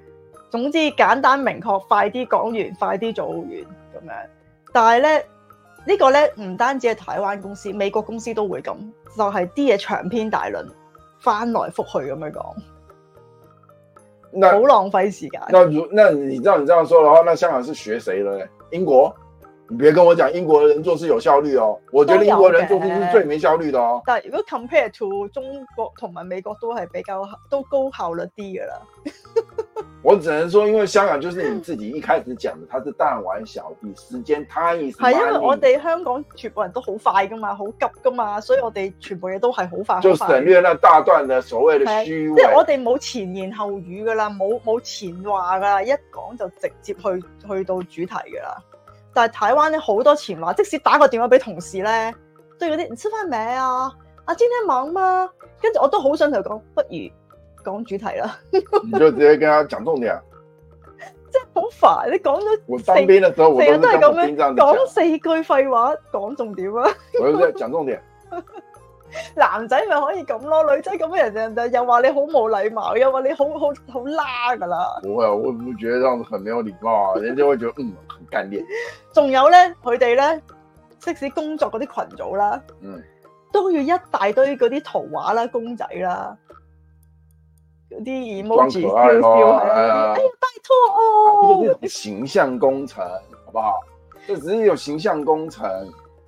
總之簡單明確，快啲講完，快啲做完咁樣。但係咧呢，呢個咧唔單止係台灣公司，美國公司都會咁，就係啲嘢長篇大論，翻來覆去咁樣講，好浪費時間。那，那，那你知道你這樣說嘅話，那香港是學誰咧？英國？你別跟我講英國人做事有效率哦，我覺得英國人做事是最沒效率的哦。的但如果 compare to 中國同埋美國都係比較都高效率好啲噶啦。 *laughs* 我只能說，因為香港就是你自己一開始講的，它是彈丸小地， *laughs* 時間太，因為我哋香港全部人都好快噶嘛，好急噶嘛，所以我哋全部嘢都係好快，就省略那大段的所謂的虛偽，即係、就是、我哋冇前言後語噶啦，冇冇前話噶啦，一講就直接去去到主題噶啦。但係台灣咧好多前話，即使打個電話俾同事咧，對嗰啲唔出翻名啊，阿尖一猛啊，跟住、啊、我都好想同佢講，不如講主題啦。你就直接跟他講重點啊，真係好煩。你邊都講咗我成日都係咁樣講四句廢話，講重點啊。每次講重點。 *laughs* 男仔咪可以咁咯，女仔咁嘅人就又話你好冇禮貌，又話你好好好拉噶啦。唔會啊，我唔會覺得這樣子很沒有禮貌啊，人哋會覺得，嗯，好乾練。仲有咧，佢哋咧，即使工作嗰啲群組啦，嗯，都要一大堆嗰啲圖畫啦、公仔啦，嗰啲 emoji，可愛咯、哎，哎呀，拜託哦。啊就是、形象工程，好不好？就只是有形象工程。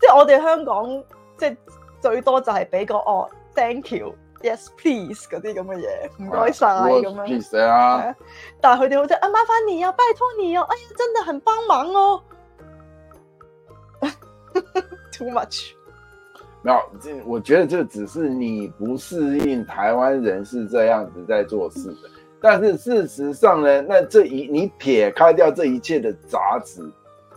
即係我哋香港，即係。最多就係俾個哦，thank you，yes please 嗰啲咁嘅嘢，唔該曬咁樣。我啊、但係佢哋好似啊，麻煩你啊，拜託你哦、啊，哎呀，真的很幫忙哦、啊。 *laughs* Too much。冇，我覺得就只是你不適應台灣人是這樣子在做事的、嗯。但是事實上呢，那這一你撇開掉這一切的雜質。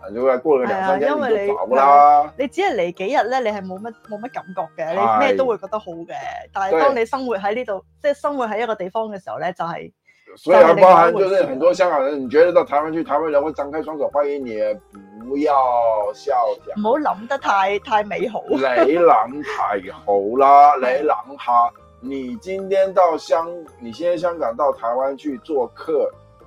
係啊，因為你啦。你只係嚟幾日咧，你係冇乜冇乜感覺嘅，你咩都會覺得好嘅。但係當你生活喺呢度，即係生活喺一個地方嘅時候咧，就係、是、所以、啊就是、包含，就是很多香港人，你覺得到台灣去，台灣人會張開雙手歡迎你，不要笑。唔好諗得太太美好。你 *laughs* 諗太好啦，你諗下，你今天到香，你今天香港到台灣去做客。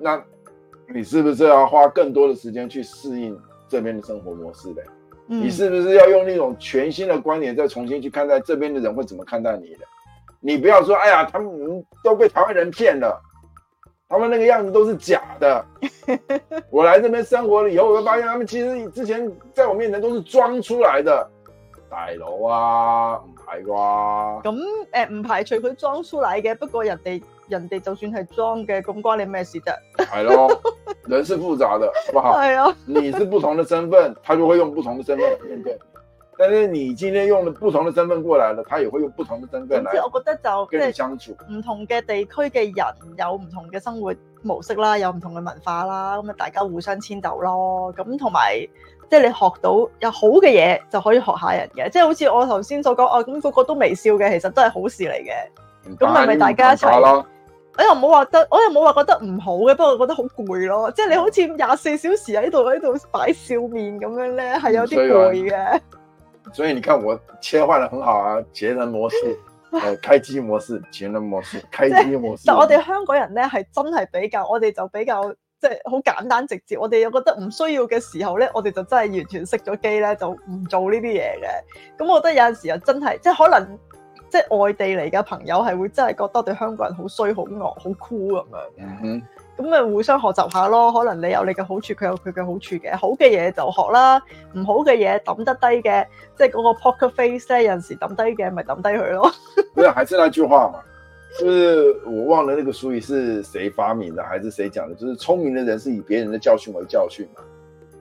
那你是不是要花更多的時間去適應這邊的生活模式咧、嗯、你是不是要用那種全新的觀點再重新去看待這邊的人會怎麼看待你的？你不要說，哎呀，他們都被台灣人騙了，他們那個樣子都是假的。 *laughs* 我來這邊生活了以後，我就發現他們其實之前在我面前都是裝出來的，大佬啊，唔係啩。咁誒，唔、呃、排除佢裝出來嘅，不過人哋。人哋就算係裝嘅，咁關你咩事啫？係咯，人是複雜嘅，好不好？係啊， *laughs* 你是不同的身份，他就會用不同的身份，對唔對？但是你今天用了不同的身份過嚟了，他也會用不同的身份你。總之，我覺得就即係唔同嘅地區嘅人有唔同嘅生活模式啦，有唔同嘅文化啦，咁啊大家互相遷就咯。咁同埋即係你學到有好嘅嘢，就可以學下人嘅。即係好似我頭先所講，哦咁個個都微笑嘅，其實都係好事嚟嘅。咁咪咪大家一齊咯。哎、我又冇話得，我又冇話覺得唔好嘅，不過我覺得好攰咯。即係你好似廿四小時喺度喺度擺笑面咁樣咧，係有啲攰嘅。所以你看我切換得很好啊，節能模式，呃、開機模式，節能模式，開機模式。但 *laughs* 我哋香港人咧係真係比較，我哋就比較即係好簡單直接。我哋又覺得唔需要嘅時候咧，我哋就真係完全熄咗機咧，就唔做呢啲嘢嘅。咁我覺得有陣時又真係，即係可能。即係外地嚟嘅朋友係會真係覺得對香港人好衰、好惡、好酷咁樣。咁、嗯、咪互相學習下咯。可能你有你嘅好處，佢有佢嘅好處嘅。好嘅嘢就學啦，唔好嘅嘢抌得低嘅，即係嗰個 poker face 咧，有陣時抌低嘅咪抌低佢咯。還是那句話嘛，就是我忘了那個俗語是誰發明嘅，還是誰講嘅，就是聰明的人是以別人的教訓為教訓嘛。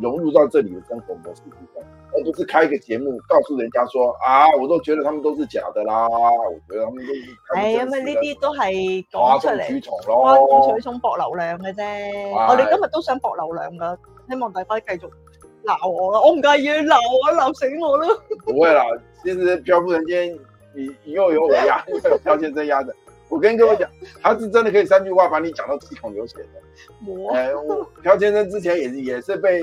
融入到這裏的生活模式之中，而不是開一個節目告訴人家說啊，我都覺得他們都是假的啦，我覺得他們都是假的。哎呀，那呢啲都係講出嚟，嘩眾取寵博流量嘅啫。我哋今日都想博流量噶，希望大家繼續鬧我，我唔介意鬧我，鬧死我啦。唔會啦，其實漂忽人間，你又有我壓，有漂、啊、先生壓着。我跟各位講， *laughs* 他是真的可以三句話把你講到七孔流血的，哎。我，漂先生之前也是也是被。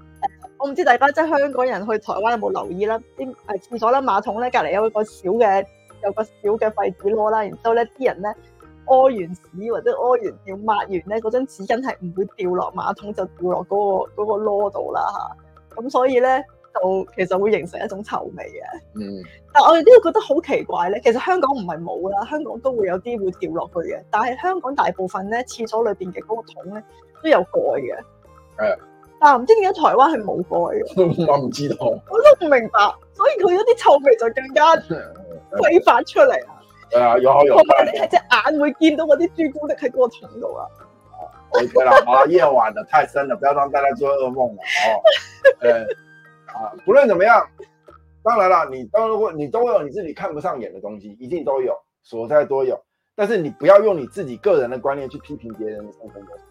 我唔知大家即係香港人去台灣有冇留意啦？啲誒廁所啦，馬桶咧隔籬有一個小嘅，有個小嘅廢紙籮啦，然之後咧啲人咧屙完屎或者屙完尿抹完咧，嗰張紙巾係唔會掉落馬桶，就掉落嗰個嗰個籮度啦吓。咁所以咧就其實會形成一種臭味嘅。嗯，但係我哋都會覺得好奇怪咧。其實香港唔係冇啦，香港都會有啲會掉落去嘅。但係香港大部分咧廁所裏邊嘅嗰個桶咧都有蓋嘅。誒、嗯。但、啊、唔知點解台灣係冇貨嘅， *laughs* 我唔知道，我都唔明白，所以佢嗰啲臭味就更加揮發出嚟啦。係 *laughs* 啊，有好有壞。你係隻眼會見到嗰啲朱古力喺嗰層度啊。啊 *laughs* ，OK 啦，好、啊、夜晚啦，太深啦，不要讓大家做噩夢啦。哦，誒、 *laughs* *laughs* 欸，啊，不論怎麼樣，當然啦，你當如果你都有你自己看不上眼嘅東西，一定都有，所在都有，但是你不要用你自己個人嘅觀念去批評別人嘅嘢。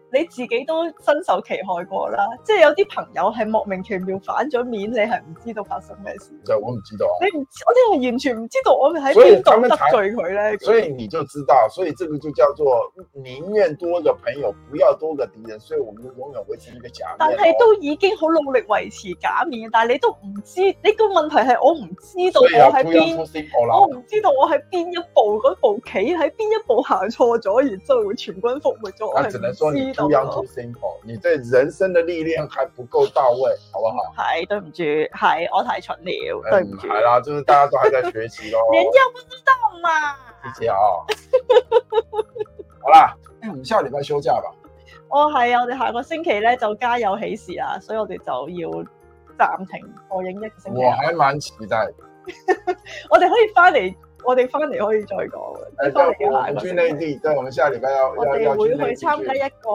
你自己都身受其害過啦，即係有啲朋友係莫名其妙反咗面，你係唔知道發生咩事。就我唔知道啊！你唔知，我真係完全唔知道我哋喺邊度得罪佢咧。所以你就知道，所以這個就叫做寧願多個朋友，不要多個敵人。所以我們永遠維持一個假面。但係都已經好努力維持假面，但係你都唔知道，你個問題係我唔知道我喺邊，我唔知道我喺邊一步嗰步棋喺邊一步行錯咗，然之後會全軍覆沒咗。係。我 too young too simple，你對人生的歷練還不夠到位，好不好？係，對唔住，係我太蠢了，對唔住。係、哎、啦，就是大家都還在學習咯。年假不知道嘛？好啦，誒，我哋下個禮拜休假吧。我還要， *laughs* 我哋下個星期咧就家有喜事啊，所以我哋就要暫停播影一星期。我係晚遲，但係我哋可以翻嚟。我哋翻嚟可以再講。翻嚟好難。去內地，即係我哋下個禮拜要。我哋會去參加一個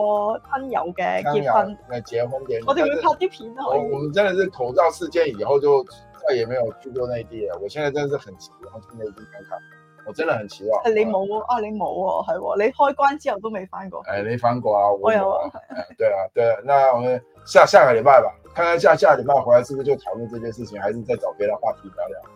親友嘅結婚。咪結婚添。我哋會拍啲片。我我哋真的是口罩事件以後就再沒有去過內地啦。我現在真的是很奇，然後去內地睇睇，我真的很期望你冇、嗯、啊？你冇啊？係、哦、你開關之後都未翻過誒、哎、你翻過,、啊、過啊？我有啊。誒、 *laughs* 嗯、對啊對，那我哋下下個禮拜吧，看看下下個禮拜回來是不是就討論這件事情，還是再找別的話題聊聊。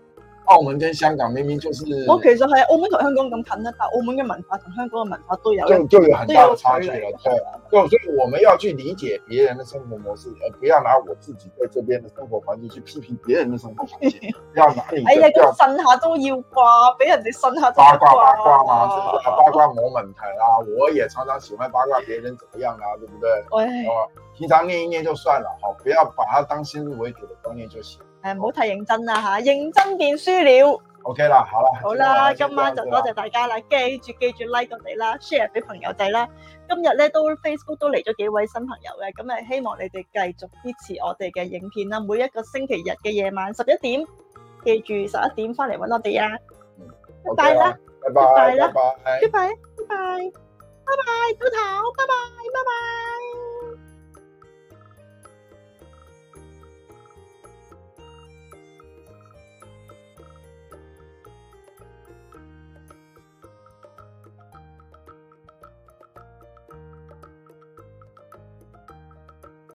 澳門跟香港明明就是，我、哦、其實係澳門同香港咁近啦，但澳門嘅文化同香港嘅文化都有，就就有很大的差距啦。係，就所以我們要去理解別人的生活模式，而不要拿我自己喺這邊的生活環境去批評別人的生活環境。 *laughs* 要哪裏？哎呀，個身下都要掛，俾人哋身下都要掛，八卦八卦嘛， *laughs* 八卦冇問題啦。我也常常喜歡八卦別人怎麼樣啦、啊，對不對？哦、哎，平常念一念就算了，好，不要把它當先入為主的觀念就行。誒，唔好太認真啦吓，認真便輸了。O K 啦，好啦，好啦，今晚就多謝大家啦，記住記住 like 我哋啦，share 俾朋友仔啦。今日咧，都 Facebook 都嚟咗幾位新朋友嘅。咁誒，希望你哋繼續支持我哋嘅影片啦。每一個星期日嘅夜晚十一點，記住十一點翻嚟搵我哋啊。嗯，好嘅，拜拜啦，拜拜啦，拜拜，拜拜，拜拜，拜拜，老豆，拜拜，拜拜。